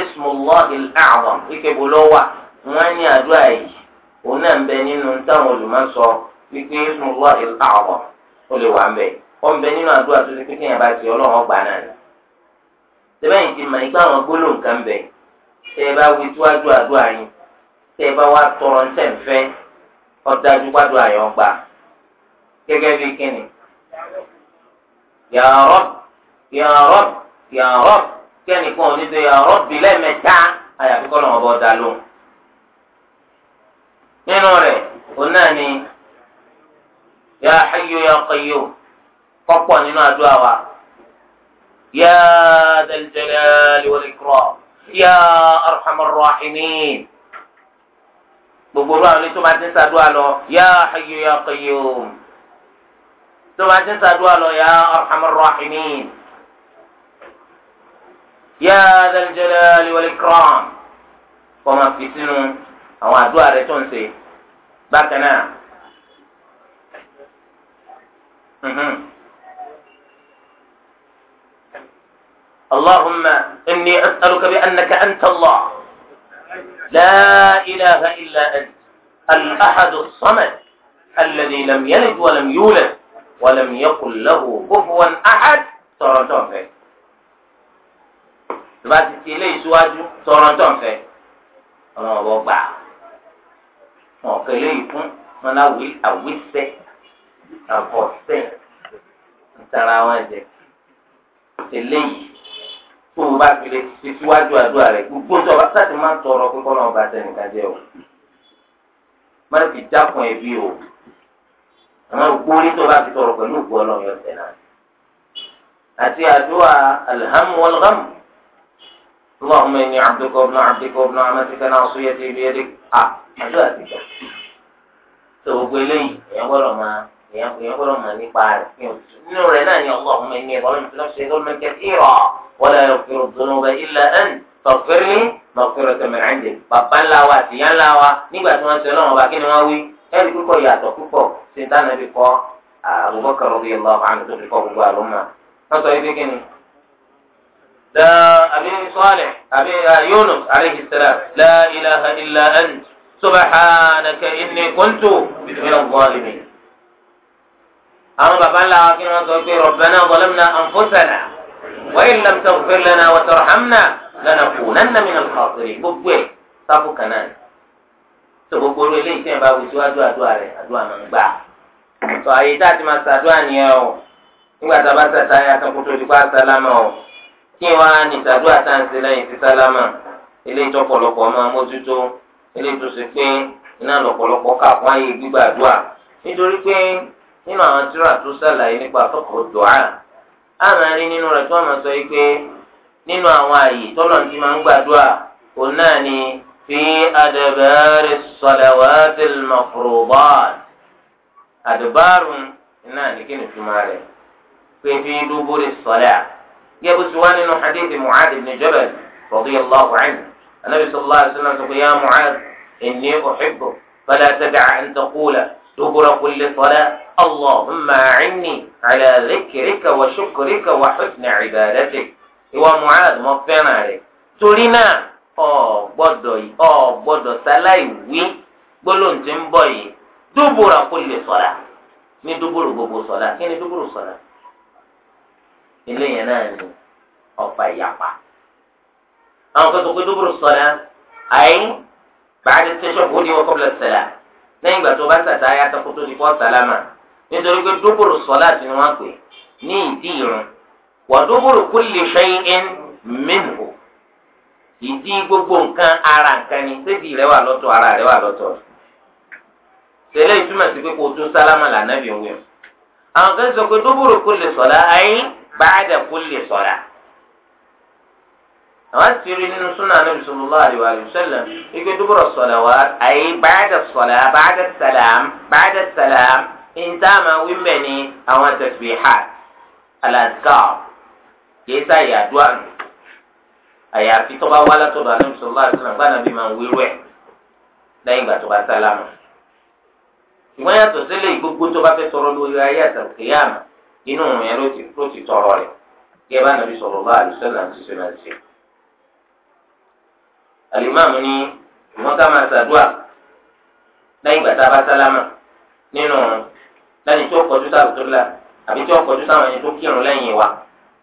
ismullahil a'zam ike bó ló wà ní àdúrà yìí òun náà ń bẹ nínú táwọn olùmọ̀sọ wípé ismullahil a'zam ó lè wà ń bẹ ó ń bẹ nínú àdúrà tó ti pé kéèyàn bá ti ọlọ́run ọgbà náà tẹ ẹ bá wí síwájú àdúrà yín tẹ ẹ bá wá tọrọ ń tẹ̀fẹ́ ọ̀dájú gbádùn àyàn gbà gẹ́gẹ́ bí kíni. Ya Rabb Ya Rabb Ya Rabb kẹ́nìkan ò ní sọ Ya Rabb bí lẹ́ẹ̀mẹ́ta àyàfi kọ́ lọ́wọ́ bọ́ da lóhùn. nínú rẹ̀ òun náà ni ya hayyu ya qayyum kọ́pọ̀ nínú àdúrà wa ya dal jalali wal ikram yá arhamar rahimin gbogbo ọ̀rọ̀ àwọn tó máa ti ń ṣàdúrà lọ yá hayyu yá qayyum tó máa ti ń ṣàdúrà lọ yá arhamar rahimin yá dhal jalali wal ikram fi sínú àwọn àdúrà rẹ̀ tó ń ṣe bákan náà. Mhm. اللهم إني أسألك بأنك أنت الله لا إله إلا أنت الأحد الصمد الذي لم يلد ولم يولد ولم يقل له كفوا أحد صورتهم فيه تبعت إليه سواجه صورتهم فيه أنا أبوبع ما قليكم من أول أوسه أفوسه تراوزه إليه tó o bá fi lè ṣe síwájú àdúrà rẹ gbogbo tó o bá sáà ti máa ń tọrọ pé kọ́nà ọba àtẹnìkan jẹ o má fi dákun ẹbí o àmọ́ ògbóni tó o bá fi tọrọ pẹ̀lú ògbó ọlọ́run yóò tẹ̀ náà àti àdúrà alhamu walghamu allahumma inni abduka ibnu abdika ibnu amatika nasiyati biyadika ah, àdúrà ti gbà tó o gbé lẹ́yìn ẹ̀yẹ́ gbọ́dọ̀ èèyàn èèyàn gbọ́dọ̀ mọ̀ nípa rẹ̀ kí n tu nínú rẹ̀ náà ni ọkọ ọmọ ẹni ẹ̀bọ̀n lọ́mọ fúnlẹ̀ ṣe lọ́mọ kẹfìrọ̀ wọlé ẹ̀fọ́ ìdùnnúbẹ ilẹ̀ ẹ̀ń tọ̀fẹ́rẹ́ tọ̀fẹ́rẹ́ tẹ̀mẹ̀rẹ́ǹdẹ̀ bàbá ńlá wa àtìyá ńlá wa nígbà tí wọ́n ṣe lọ́wọ́ bá kí ni wọ́n wí ẹ̀rí púpọ̀ yàtọ̀ púpọ̀ ṣe ń tánà bí kọ́ Abubakar سبحانك إني كنت من الظالمين àwọn baba ńlá wa kí wọ́n sọ pé rabbana zalamna anfusana wa in lam taghfir lana wa tarhamna lanakunanna minal khasirin gbogbo ẹ̀ sáfù kanáà tó gbogbo orí eléyìí tẹ̀ bá wùsùn àdúrà àdúrà rẹ̀ àdúrà máa ń gbà. sọ àyè tá a ti máa ṣàdúrà nìyẹn o nígbà tá a bá ṣàtàyà tán tó di pa sálámà o kí wọn á ní ṣàdúrà tá à ń ṣe lẹ́yìn sí sálámà eléyìí tó pọ̀lọpọ̀ nínú àwọn tírà tó sàlàyé nípa àtọkọ dùá a máa rí nínú rẹ̀ tí wọn máa sọ yìí pé nínú àwọn àyè tọ́lọ̀ ti máa ń gbàdúrà òun náà ni fi adabari salawati al-mafrudat adabarun náà ní kíni fi máa rẹ̀ pé fi duburi salat gẹ́gẹ́ bó ti wá nínú hadithi mu'ad ibn jabal radiyallahu anhu anabi sallallahu alayhi wa sallam sọ pé ya mu'ad inni uhibbu fala tad'a an taqula. دبر كل صلاة اللهم أعني على ذكرك وشكرك وحسن عبادتك هو ومعاذ مفعنا عليك تولينا أو بدوي أو بدو سلاي وي بلون tí دبر كل صلاة dúbúra kó lè sọ̀rọ̀ ní dúbúrú gbogbo sọ̀rọ̀ kí ni dúbúrú sọ̀rọ̀ ilé yẹn náà ni ọ̀pá ìyapa àwọn kan tó pé dúbúrú sọ̀rọ̀ àyè bàdé tẹ̀sán kò ní wọ́n kọ́ bílẹ̀ sẹ̀rẹ̀ lẹ́yìn ìgbà tó bá sàtà ayá tó kó tó di fọ́ sálámà nítorí pé dúbùrù sọ́lá ti ni wọ́n pè ní ìdí irun wà dúbùrù kulli shay'in minhu ìdí gbogbo nǹkan ara nǹkan ni sébi rẹ wà lọ́tọ̀ ara rẹ wà lọ́tọ̀ tẹ́lẹ̀ ìtumọ̀ sí pé kó tó sálámà lànà bí wíwọ́n àwọn kan sọ pé dúbùrù kulli sọ́lá ayé ba'da kulli sọ́lá àwọn ti rí nínú súnà Nabi sallallahu alaihi wa sallam ike dubura salawat àyè ba'da salat ba'da salam ba'da salam ìntàmà wímbẹ̀ ni àwọn tasbihat al-azkar kìí sá ìyàdúrà nù àyàfi tó bá wá látọ̀dọ̀ Nabi sallallahu alaihi wa sallam gbàdàbí máa ìgbà tó bá sálámà ṣùgbọ́n yàtọ̀ sílẹ̀ gbogbo tó bá fẹ́ tọrọ lórí ayé àtàkìyàmà inú yẹn ló ti tọrọ rẹ̀ kí ẹ bá nàbí sallallahu alaihi wa sallam ti alimami ni wọn ká máa ṣàdúà lẹ́yìn ìgbà tá a bá sálámà nínú lẹ́yìn tó kọjú sáà tó la àbí tó kọjú sáwọn ẹni tó kírun lẹ́yìn wa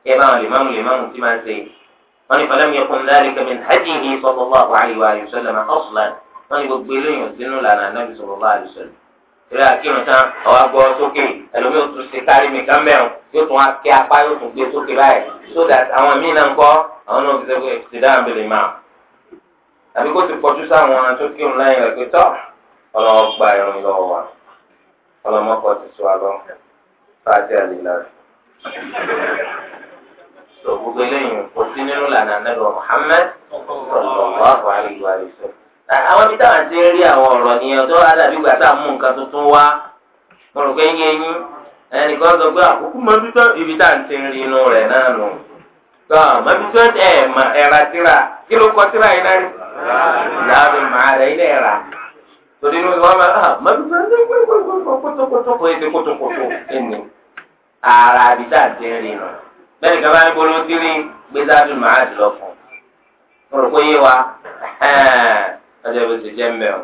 kẹ bá wọn limamu limamu ti máa ṣe wọn ni falam yakun dhalika min hadihi sallallahu alaihi wa sallam aslan wọn ni gbogbo eléyìn òsínú lànà anábì sallallahu alaihi wa sallam ìrẹ́ àkírun tán ọ̀wá gbọ́ sókè ẹlòmíì ò tún ṣe kárí mi kán mẹ́rin yóò tún wá kí apá yóò tún gbé sókè báyìí so that àwọn míì náà ń kọ́ àwọn náà ti sẹ́kọ̀ọ́ ìtìdá àbẹ̀lẹ̀ máa àbí kó ti pọ̀jù sáwọn tó kírun láyìn rẹ̀ pé tọ́ ọlọ́wọ́ gba irun lọ́wọ́ wa ọlọ́mọkọ ti sọ àlọ́ fàájì àlìlá rẹ̀. sọ gbogbo eléyìí kò sí nínú lànà nẹ́lọ Muhammad sọlọ́wọ́ àwọn àlejò àlejò. àwọn ibi táwọn ti ń rí àwọn ọ̀rọ̀ nìyẹn tó àdàbí gbà tá a mú nǹkan tuntun wá mo rò pé yín yín ẹnìkan sọ pé àkókò máa ń tó ibi tá à ń rí inú rẹ̀ náà nù. sọ máa ń tó ẹ̀ mà ẹ̀ra tíra láàrin màá rẹ̀ ilé ra torí ló wọ́n máa hàn mọ́tò tó ń gbé kótókótókó ètò kótókótó ẹni ara àbíta àti ẹ̀rìn nù bẹ́ẹ̀ nìkan bá ń gbóló tírí gbé dáadùn màá dì lọ fún un rò pé yé wa ọjọ́ bó ti jẹ́ mẹ́rin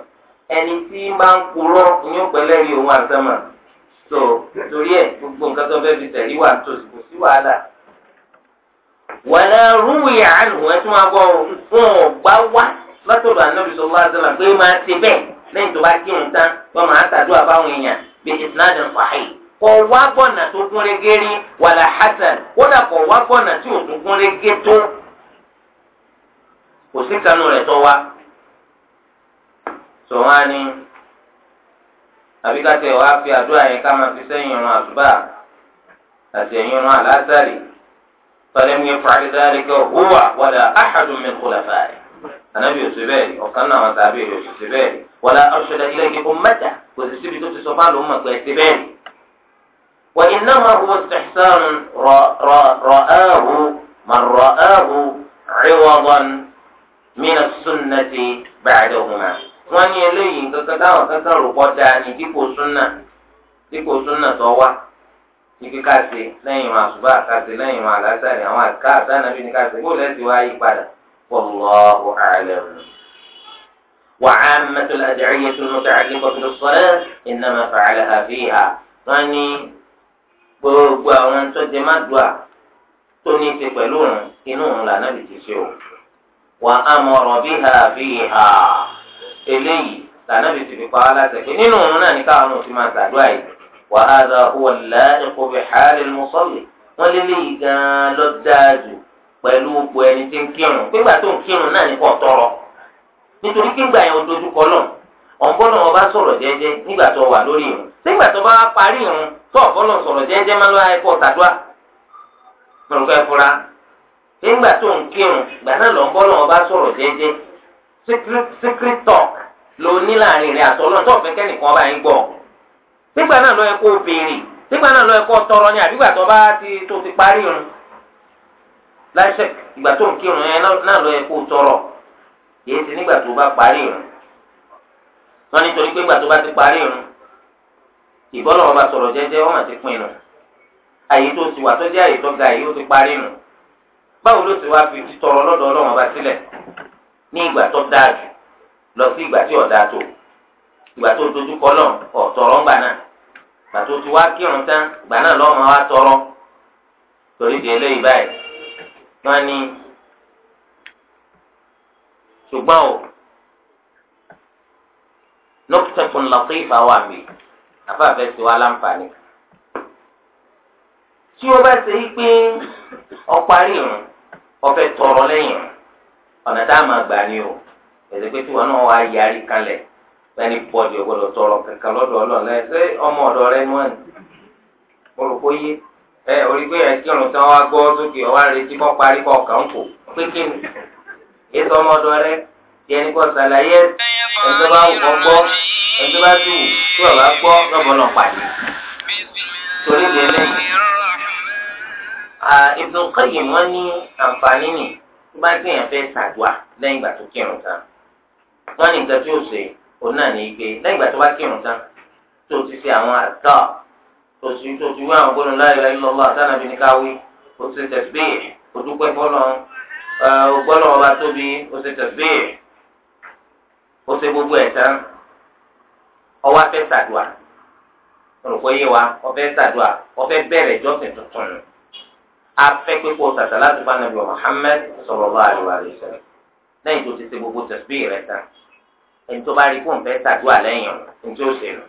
ẹni tí máa ń kúrọ́ ní pẹ̀lẹ́ rí òun àtọ́mà tó torí ẹ̀ gbogbo nǹkan tó fẹ́ fi tẹ̀lé wà tó kò sí wàhálà wàhálà rúwìyà àlùwẹ̀ tí wọ́n á fún ọ̀gbá wá látọ̀dọ̀ ànábì sọ wá sọlá pé máa ṣe bẹ́ẹ̀ lẹ́yìn tó bá kírun tán wọ́n máa ṣàdúrà báwọn èèyàn bí ìsìnàjò fàáyì kọ̀ wá gbọ̀nà tó gún régé rí wàlà hasan kódà kọ̀ wá gbọ̀nà tí gún régé tó kò sí kanú rẹ̀ tó wá. sọ wá ní fi àdúrà yẹn ká máa fi sẹ́yìn irun àsùbà àti ẹ̀yìn irun àlásàrì. فلم يفعل ذلك هو ولا anabi ò sí bẹ́ẹ̀ rí ọ̀kan náà wọn tàbí rẹ̀ ò sí bẹ́ẹ̀ rí wọlé arṣọlẹ̀ ilé yìí kò mẹ́ta kò sì síbi tó ti sọ fáàlù mọ̀ pé ẹsẹ̀ bẹ́ẹ̀ rí. wà iná máa wọ sẹ̀sán rọ̀ẹ́hù máa rọ̀ẹ́hù ríwọ́gbọ́n mìíràn súnnàtì bàdéhùnmá. wọ́n ní eléyìí kankan táwọn kankan rò pọ̀ dáa ní dípò súnnà dípò súnnà tó wá ní kíkà sí lẹ́yìn wọn àṣùbà àkàṣe والله أعلم وعامة الأدعية المتعلقة بالصلاة إنما فعلها فيها ثاني gbogbo àwọn tó jẹ má dùà tó ní ti pẹ̀lú òun inú òun là náà lè ti ṣe o wà á mọ ọ̀rọ̀ bí ha bí ha eléyìí lànà bí ti fi pa á láti pé nínú òun náà ní káwọn òfin máa ṣàdúrà yìí wà á dà wọlé ẹ̀kọ́ bí hàlẹ́ mọ́sọ́lì wọ́n lé léyìí gan-an lọ́dáàjù pẹ̀lú gbogbo ẹni tí ń kírun pígbà tó ń kírun náà tọrọ nítorí kígbà yẹn dojúkọ lọ wọn bá sọ̀rọ̀ jẹ́jẹ́ nígbà tó wà lórí irun sígbà tó bá parí irun tó sọ̀rọ̀ jẹ́jẹ́ máa ń lọ ẹ̀kọ́ tàdúrà lórúkọ nígbà tó ń kírun gbà náà wọn bá sọ̀rọ̀ jẹ́jẹ́ secret talk lọ ẹ̀kọ́ obìnrin sígbà náà lọ ẹ̀kọ́ tọrọ ni àbígbà tó bá ti irun láṣẹ ìgbà tó ń kírun yẹn náà lọ yẹ tọrọ yìí ti nígbà tó bá parí irun wọn nítorí pé ìgbà tó bá ti parí irun ìbọ́lọ̀ ọba sọ̀rọ̀ jẹ́jẹ́ wọn àti pinnu àyè tó ti wà tó jẹ́ àyè tó ga yìí ó ti parí irun báwo ló ti wá fi títọrọ lọ́dọ̀ ọba sílẹ̀ ní ìgbà tó dáa lọ sí ìgbà tí ọ̀dà tó ìgbà tó dojú kọ ọ̀tọ̀rọ̀ náà ìgbà tó ti wá kírun tán ìgbà náà tọrọ torí di eléyìí báyìí wọn ní ṣùgbọ́n o nọ́kítẹ́kùn lọ́kọ́ ìfàwọ́ àmì àfàfẹ́ ti wá láǹfààní. tí o bá ṣe pé ọparí irun ọfẹ tọrọ lẹ́yìn ọ̀nà tá a máa gbà ni o ẹ̀sẹ̀ pé tí wọn náà wá yarí kalẹ̀ lẹ́ni pọ̀jù ọ̀gbọ́dọ̀ tọrọ kankan lọ́dọ̀ ọlọ́ọ̀lẹ́ ọmọ ọ̀dọ̀ rẹ ni mo rò pé yé. ẹ orí pé ẹ kírun tán wá gbọ́ sókè ọwá retí kọ́ parí kọ́ kàn kò pé kí ni ètò ọmọdé rẹ ti ẹni kọ́ sàlàyé ẹjọ́ bá wù kọ́ gbọ́ ẹjọ́ bá sì wù tí gbọ́ pàdé torí ní àǹfààní tó bá fẹ́ lẹ́yìn ìgbà tó kírun tán wọ́n ní nǹkan tí ó ṣe òun náà ní í lẹ́yìn ìgbà tó tòsí tòsí wí àwọn gbọ́dọ̀ láyé láyé lọ́wọ́ àtànàbí ní káwí ó ti tẹ̀síbí ó dúpẹ́ fọ́nà ọgbọ́nà ọba tóbi ó ti tẹ̀síbí ó ti gbogbo ẹ̀ tán ọwọ́ afẹ́ sàdùà olùkọ́ yé wa ọfẹ́ sàdùà ọfẹ́ bẹ̀rẹ̀ jọ́sìn tuntun afẹ́ pípọ̀ sàtà láti bá nàbí Muhammad sallallahu alaihi wasallam lẹ́yìn tó ti ṣe gbogbo tẹ̀síbí rẹ̀ tán ẹni tó bá rí fóun fẹ́ sàdùà lẹ́yìn ẹni tó ṣe nù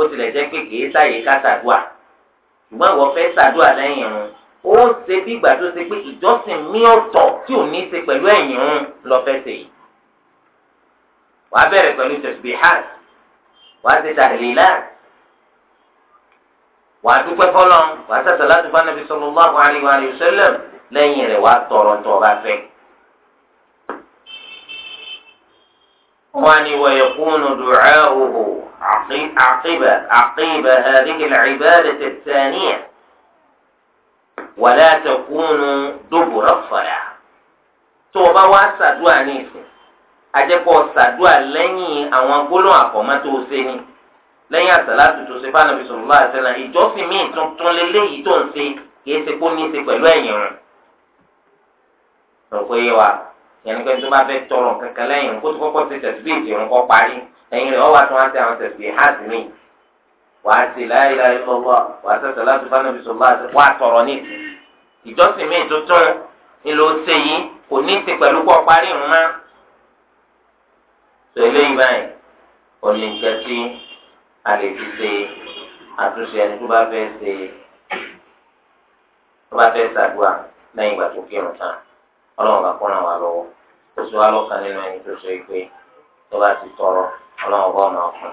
bó tilẹ̀ jẹ́ pé kìí sáyè ká ṣàdúà ṣùgbọ́n ìwọ fẹ́ ṣàdúà lẹ́yìn irun ó ṣe bí ìgbà tó ṣe pé ìjọsìn mí ọ̀tọ̀ tí ò ní ṣe pẹ̀lú ẹ̀yìn irun lọ fẹ́ ṣe yìí. wàá bẹ̀rẹ̀ pẹ̀lú tasbihat wàá ṣe tahlilat wàá dúpẹ́ fọlọ́n wàá ṣe salatu bá Nabi sallallahu alaihi wa sallam lẹ́yìn rẹ̀ wàá tọrọ tọ́ bá fẹ́. وأن ويكون دعاؤه عقب عقب هذه العبادة الثانية ولا تكون دبر الصلاة توبا واسدوا نيسي أجيكو سدوا لني أوان قولوا أقوما توسيني lẹ́yìn àsàlátù tó ṣe fánàbí sọ̀rọ̀lá àṣẹlẹ̀ ìjọsìn míì tuntun lélẹ́yìí tó ń ṣe kìí ṣe kó ní í ṣe pẹ̀lú ẹ̀yìn rẹ̀. rò pé wa yẹnni pé tó bá fẹ́ tọrọ kankan lẹ́yìn kó tó kọ́kọ́ ṣe tẹ̀síbí ìṣirun kọ́ parí ẹ̀yìn rẹ̀ ọ̀wá tó wá sí àwọn tẹ̀síbí hàt mi wà á sì láyé láyé lọ́wọ́ wà á sẹ̀sẹ̀ láti bá nàbí sọ̀rọ̀ láti wà á tọrọ ní ìsìn ìjọsìn mi tuntun ni ló ṣe yìí kò ní ti pẹ̀lú kọ́ parí ìrun mọ́ tó eléyìí báyìí òní nǹkan tí ṣe àtúnṣe ẹni tó bá fẹ́ ṣe tó bá fẹ́ ṣàdúrà lẹ́yìn ìgbà tó kírun tán ọlọ́run bá kọ́ra wa lọ́wọ́ ó sì wá lọ́kàn nínú ẹni tó ṣe pé tó bá ti tọrọ ọlọ́run bá ọ̀nà ọ̀fun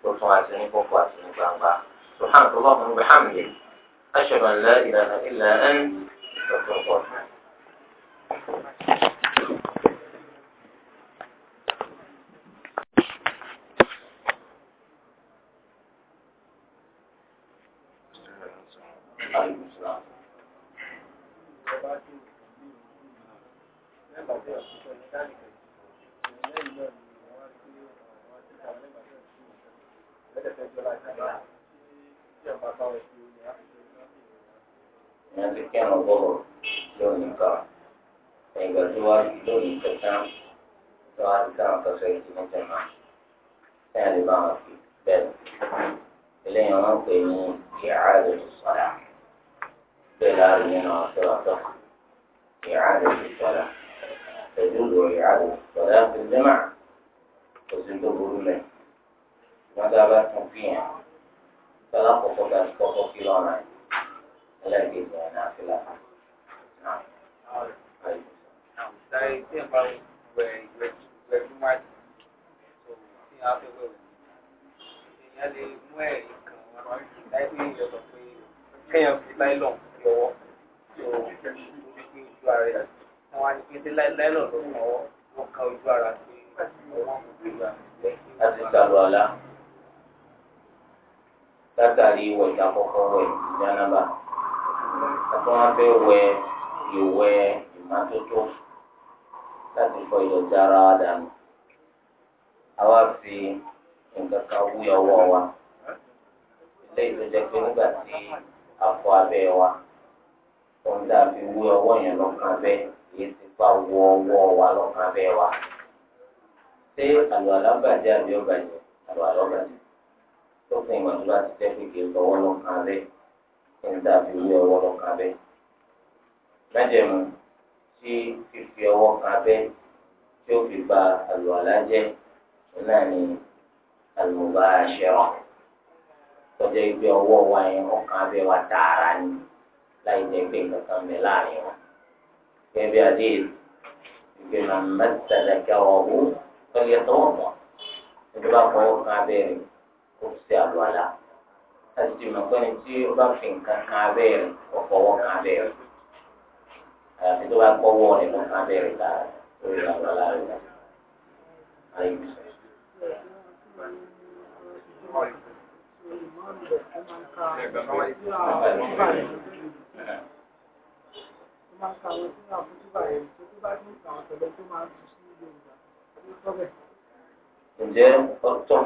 tó tún wá sí ní kókó àti ní gbangba subhanahu wa ta'ala bi hamdi ashhadu an la ilaha illa anta astaghfiruka wa atubu ilayk rẹ̀ wọ́n á ní kí n dé láíláí lọ lórí ọwọ́ wọ́n ka ojú ara sí ọwọ́ ìgbà lẹ́yìn. láti sàlù àlá látàrí ìwọ̀ ìdàkọ́kọ́ wẹ̀ ìdánábà àti wọ́n fẹ́ wẹ̀ ìwẹ̀ ìmọ́tótó láti fọ ìdọ̀tí ara wa dànù àwa fi nǹkan kan wúyọ̀ wọ̀ wa ilé ìtọ́jẹ́ pé nígbà tí a fọ abẹ́ wa ohun tá a fi wé yẹn lọ́kàn bẹ́ẹ̀ èyí ti pa wọ ọwọ́ wa lọ́kàn bẹ́ẹ̀ wa. ṣé àlọ́ alábàjẹ́ àbí ọ̀bàjẹ́ àlọ́ alábàjẹ́ tó fún ìmọ̀ tó bá ti fẹ́ pé kì í fọwọ́ lọ́kàn bẹ́ẹ̀ ohun tá a fi wé ọwọ́ lọ́kàn bẹ́ẹ̀. májẹ̀mú tí fífi ọwọ́ kan bẹ́ẹ̀ tí ó fi ba àlọ́ alájẹ́ náà ni àlùmọ̀bá aṣẹ́wọ̀n tọ́jú ẹgbẹ́ ọwọ́ wa yẹn ọkàn abẹ́ wa tààrà ni láì jẹ́ pé nǹkan kan bẹ láàrin wọn. gẹ́gẹ́ bí adéyé ìgbé máa mẹ́tẹ̀lẹ̀ kẹwọ́ owó pẹ̀lú ẹ̀tọ́ ọ̀pọ̀ nítorí bá fọwọ́ kan abẹ́rẹ́ kó ṣe àlọ́ àlá láti ti mọ̀ pé tí ó bá fi nǹkan kan abẹ́rẹ́ kó fọwọ́ kan abẹ́rẹ́ àyàfi tó bá kọ́wọ́ rẹ̀ mọ́ kan abẹ́rẹ́ lára lórí àlọ́ rẹ̀ láyé ìgbésẹ̀. Thank ó máa ń ka àwọn sínú àfojúbà yẹn tó tó bá ní ìtàn àtẹ̀lẹ́ tó máa ń tu sí ilé ìgbà tó tọ́ bẹ̀. ǹjẹ́ ọtọ́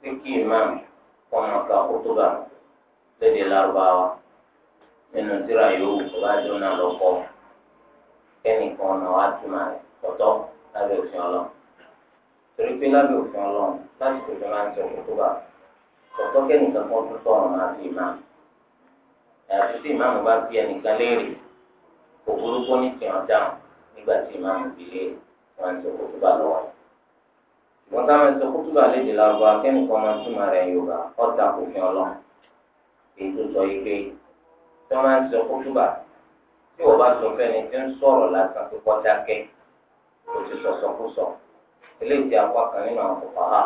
pé kí imam kọ́ máa ka kótóbà lédè lárúbáwá nínú tíra yòówù tó bá jó náà lọ́kọ́ kẹ́nìkan náà wá túmọ̀ rẹ̀ ọ̀tọ̀ lábẹ́ òfin ọlọ́run torí pé lábẹ́ òfin ọlọ́run láti tòjú máa ń sọ kótóbà ọ̀tọ̀ kẹ́nìkan kan tó sọ̀rọ̀ máa fi máa àti tí ìmáàmù bá bí ẹnìkan léèrè kò burúkú ní kí wọn dáhùn nígbà tí ìmáàmù bí léèrè wọn ti kó tó bá lọ wọn. ìwọ́n táwọn ti kó tó bá léde lọ́wọ́ akẹ́nìkan máa túmọ̀ rẹ̀ yorùbá ọ̀tà kò fi ọ lọ. èyí tó sọ yìí pé tí wọ́n máa ń sọ kó tó bá tí wọ́n bá sọ fẹ́ni tí ń sọ̀rọ̀ lásán tó kọ́ dákẹ́ kò ti sọ̀sọ̀ kó sọ. eléyìí ti apá kan nínú àwọn kòkòrò hà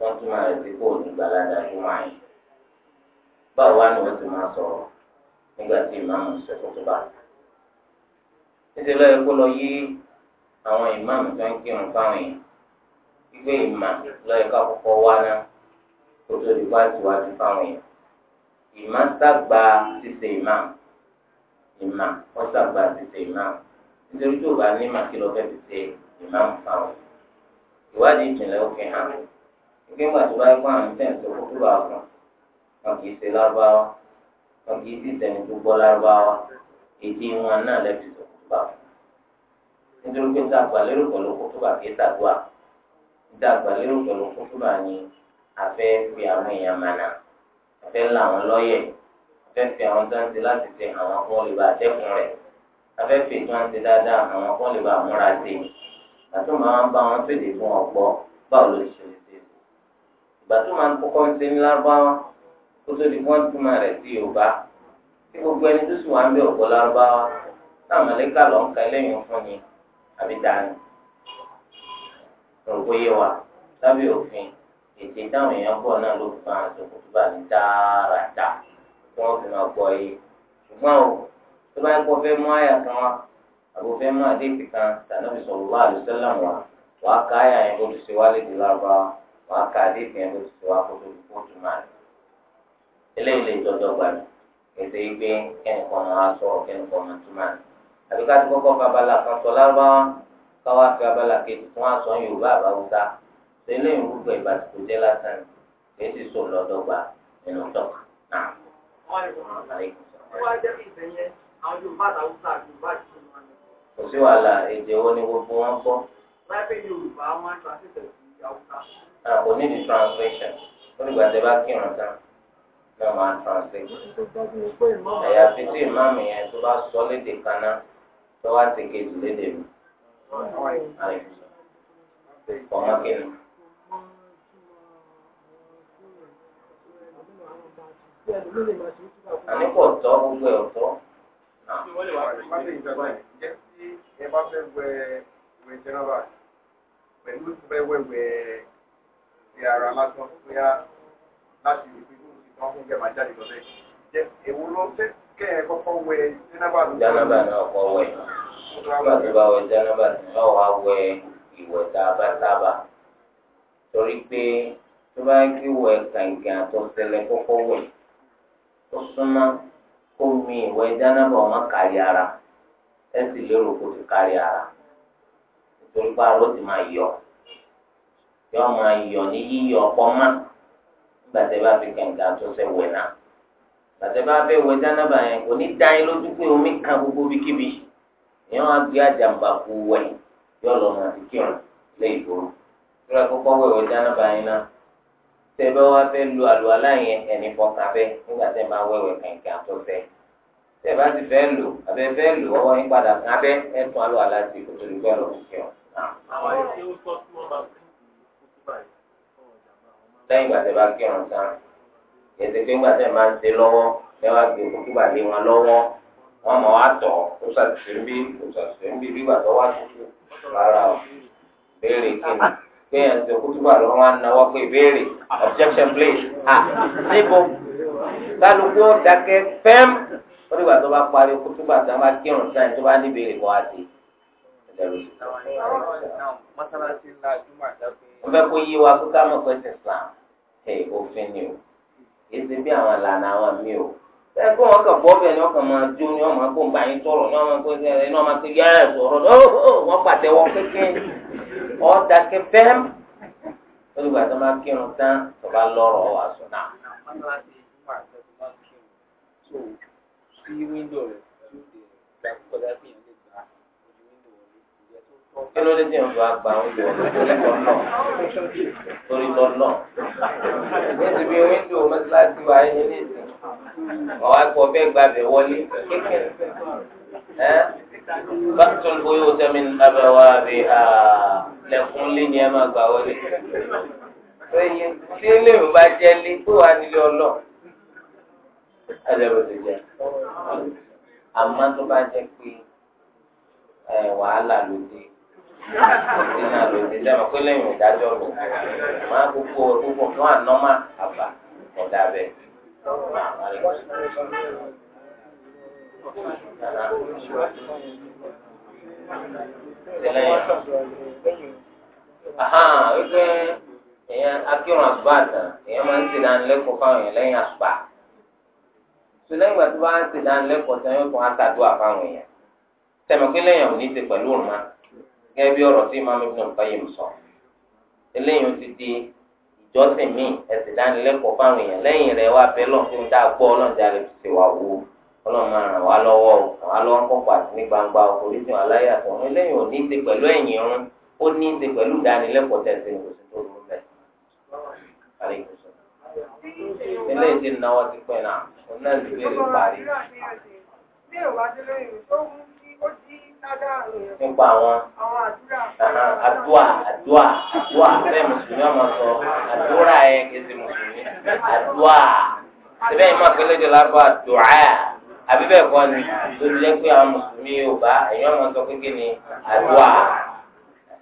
wọ́n túmọ̀ rẹ̀ báwo ni wọ́n ti máa sọ̀rọ̀ nígbà tí ìmáàmù ṣe tuntun bá níṣẹ́ lọ́yẹ̀ kó lọ yí àwọn ìmáàmù tó ń kírun fáwọn yìí gbígbé ìmà lọ́yẹ̀ ká kọ́kọ́ wá náà kó tó di wá síwájú fáwọn yìí ìmà sàgbà ṣíṣe ìmáàmù ìmà wọ́n sàgbà ṣíṣe ìmáàmù nítorí tó bá ní màkì lọ́fẹ́ ti ṣe ìmáàmù fáwọn ìwádìí ìjìnlẹ̀ ó fi hàn gbígbà tó bá gbọ́ àwọn tẹ̀sán kó tó bá wọn kì í ṣe lábáwá wọn kì í sì sẹ́ni tó gbọ́ lárúbáwá èdè wọn náà lẹ́bi tó kú bá wọn. nítorí pé níta àgbà lérò pẹ̀lú kótóbà kì í tàdúà níta àgbà lérò pẹ̀lú kótóbà ni afẹ́ fi àwọn èèyàn mànà afẹ́ là wọn lọ́yẹ̀ afẹ́ fi àwọn tó ń ti láti fi àwọn kọ́ lè bá dẹ́kun rẹ̀ afẹ́ fi tó ń ti dáadáa àwọn kọ́ lè bá múra sí i àti màá bá wọn fèdè fún ọ̀pọ̀ báwo ló ṣe lè dé ìgbà tó máa kọ́kọ́ ń ṣe ní lárúbáwá kó tó di wọ́n túmọ̀ rẹ̀ sí yorùbá tí gbogbo ẹni tó sì wà ń bẹ ọ̀pọ̀ lárúbáwá náà mọ̀lẹ́kà lọ ń ka ẹlẹ́yìn fún ni àbí dání. òrùkó yé wa lábẹ́ òfin ètè táwọn èèyàn bọ̀ náà ló fa àtòkù tó bá ní dáadáa tí wọ́n fi máa gbọ́ yé ṣùgbọ́n o tó bá ń kọ́ fẹ́ mú àyà kan wá àbò fẹ́ mú àdéhìí kan tànàbí sọ̀rọ̀ wá àlùsẹ́lẹ̀ wá wàá ká àyà yẹn kó tó ṣe wá lédè lárúbáwá wàá ká àdéhìí yẹn kó tó ṣe wá kó tó ṣe kó tó máa rẹ̀ eléyìí lè dọ́dọ̀ gbàdú ètò ìgbé kẹ́nìkan máa sọ̀rọ̀ kẹ́nìkan máa túmọ̀ àbí ká ti kọ́kọ́ kabala kan sọ lárúbáwá káwá fi abala kejì fún àṣọ yorùbá àbáwúsá eléyìí gbogbo ìbàdìkò jẹ́ lásán kìí ti sọ lọ́dọ̀ gbà nínú tọ́ka náà. kò sí wàhálà èdè wo ni gbogbo wọn gbọ́. kò ní di translation ó ní gbàdé bá kírun tán yóò máa translate àyàfi tí ìmáàmù yẹn tó bá sọ lédè kan náà tó wá ti kejì lédè mi ọmọ kìnnì. àní kò tọ́ gbogbo ẹ̀ tọ́. ẹ bá fẹ́ wẹ pẹ̀lú ìfẹ́ wẹ̀wẹ̀ ti ara lásán fúyà láti ìpínlẹ̀ wọn fún kẹ́ máa jáde lọ bẹ́ẹ̀ jẹ́ èwo ló fẹ́ kẹ́ ẹ kọ́kọ́ wẹ jẹ́nàbà ló. jẹ́nàbà náà kọ́ wẹ̀ nígbà tó bá wẹ jẹ́nàbà náà wá wẹ ìwẹ̀ tá a bá sábà torí pé tó bá ń kí wẹ̀ kàǹkàn tó tẹlẹ kọ́kọ́ wẹ̀ ó súnmọ́ kó mi ìwẹ̀ jẹ́nàbà ọmọ kárí ara ẹ sì lérò kó ti kárí ara nítorí pé aró ti máa yọ yọ máa yọ ní yíyọ ọpọ máa gbàtẹ́ bá fi kẹ̀ǹgà tó fẹ́ wẹ̀ náà gbàtẹ́ bá fẹ́ wẹ̀ jánábà yẹn kò ní dá yín lójú pé omi kan gbogbo bíkíbi èèyàn á gbé àjàmbá kú wẹ̀ yọ lọ mọ àti kírun lé ìgboro lórí àkọ́kọ́ wẹ̀wẹ̀ jánábà yẹn náà tẹ́ bá wá fẹ́ lu àlùwàlá yẹn ẹni fọkàn fẹ́ nígbà tẹ́ máa wẹ̀wẹ̀ kẹ̀ǹgà tó fẹ́ tẹ́ bá ti fẹ́ lò àbẹ́ fẹ́ lò ọwọ́ yín padà kan abẹ́ ẹ̀ tún àlùwàlá ti kòtò lẹ́yìn ìgbà tẹ́ bá kírun tán ètò pé ńgbà tẹ́ máa ń ṣe lọ́wọ́ tẹ́ wá gbé kókó gbà lé wọn lọ́wọ́ wọn mọ̀ wá tọ̀ ó ṣàtúnṣe bí ó ṣàtúnṣe bí bí gbà wá tutù rárá o béèrè kíni pé ẹ̀ ń ṣe kókó gbà lọ́wọ́ wọn náwó pé béèrè objection please ha, níbo kálukú dákẹ́ fẹ́m wọ́n nígbà tó bá parí kókó gbà tó bá kírun tán tó bá ní béèrè kọ́ wá sí i. wọ́n fẹ́ kó yí wa kó ká mọ̀ pé ṣe òfin ni o kì í ṣe bí àwọn ìlànà àwọn mi o ẹ kó wọn kàn bọ́ bẹ́ẹ̀ ni wọ́n kàn máa jó ni wọ́n máa kó nǹkan yín tọrọ ni wọ́n máa kó ṣe ẹ ní wọ́n máa ṣe yẹ ẹ sọ̀rọ̀ ní wọ́n pàtẹ́wọ́ kékeré ọ̀dàkẹ́ fẹ́m olùgbà tó máa kírun tán tó bá lọ́rọ̀ ọ̀ àṣùn náà. sí wíńdò rẹ̀ tó dé ìgbà kọ́dá sí ìlú kí ló dé tí wọn bá gba oúnjẹ orítọ náà orítọ náà ní ti bí wíńdò mẹsàlásì wà ní ilé ìsìn ọwọ́ àgbọ bẹ́ẹ̀ gba bẹ́ẹ̀ wọlé kékeré ẹ bàtún bóyá o tẹmí abẹwà bí lẹ̀kùn lé ní ẹ máa gbà wọlé tí eléyìí bá jẹ lé tó wà nílé ọlọ àdàbò ti jẹ àmọ́ tó bá jẹ pé wàhálà ló dé òsì náà ló ti dẹ́mọ̀ pé lẹ́yìn ìdájọ́ mi máa gbogbo gbogbo fún ànọ́mà àbà ọ̀dà bẹ́ẹ̀. Ahan, wípé èèyàn akírun àgbà àtàn, èèyàn máa ń ti dánilẹ́kọ̀ọ́ fáwọn èèyàn lẹ́yìn àgbà. Sùlẹ́yìn ìgbà tó bá ń ti dánilẹ́kọ̀ọ́ sẹ́yìn fún àtàdúrà fáwọn èèyàn. Tẹ̀mọ̀ pé lẹ́yìn ò ní ti pẹ̀lú òun máa gẹ́gẹ́ bí ọ̀rọ̀ tí ìmáàmù Ibn Qayyim sọ eléyìí ti di ìjọsìn míì ẹ̀sìn dánilẹ́kọ̀ọ́ fáwọn èèyàn lẹ́yìn rẹ̀ wá bẹ́ẹ̀ lọ́n fún dá gbọ́ ọlọ́ọ̀dà rẹ̀ ti wà wò ọlọ́run máa ràn wá lọ́wọ́ ràn wá lọ́wọ́ kọ́kọ́ àti ní gbangba oríṣi aláyà àtọ̀run eléyìí ò ní í ṣe pẹ̀lú ẹ̀yìn irun ó ní í ṣe pẹ̀lú ìdánilẹ́kọ̀ọ́ tẹ̀sí ní ti náwó ti pẹ́ náà ó náà parí nípa àwọn àdúà àdúà àdúà bẹ́ẹ̀ mùsùlùmí ọmọ sọ àdúrà ẹ̀ kẹsì mùsùlùmí àdúà síbẹ̀ yìí máa pélé de lárúbọ̀ àdúà àbí bẹ́ẹ̀ kọ́ ni lórí jẹ́ pé àwọn mùsùlùmí yorùbá ẹ̀yìn ọmọ sọ kékeré ni àdúà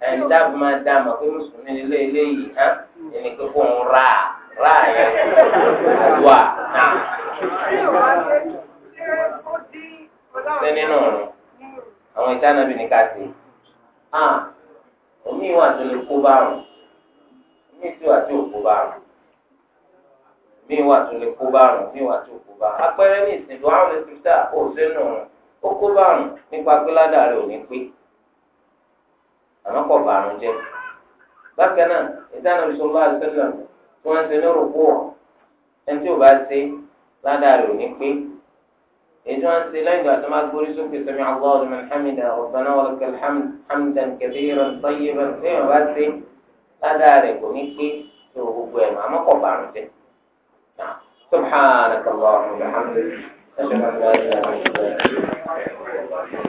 ẹni dábì máa dá àmọ́ pé mùsùlùmí nílé eléyìí hàn ẹni pé kò ń ra ra yẹn àdúà náà. sẹ́ni náà rùn àwọn ìtànàbì ní ká ṣe à omi ìwà tó lè kó bárùn omi tí wà tí ò kó bárùn omi ìwà tó lè kó bárùn omi ìwà tó kó bárùn apẹrẹ ní ìsìnkú àwọn olùsèpítà ò sínú ó kó bárùn nípa pé ládàá rẹ ò ní pé àmọ́ kò bárùn jẹ bákan náà ìtànàbì sọlá àdìsẹlẹ tí wọn ń ṣe ní rògbò ẹni tí ò bá ṣe ládàá rẹ ò pé. إذا أنت لين أتمات بوريسوك سمع الله لمن حمد ربنا ولك الحمد حمدا كثيرا طيبا فيما بس أدارك ونكي سوف أما قبعنا نعم سبحانك اللهم وبحمدك أشهد أن لا إله إلا أنت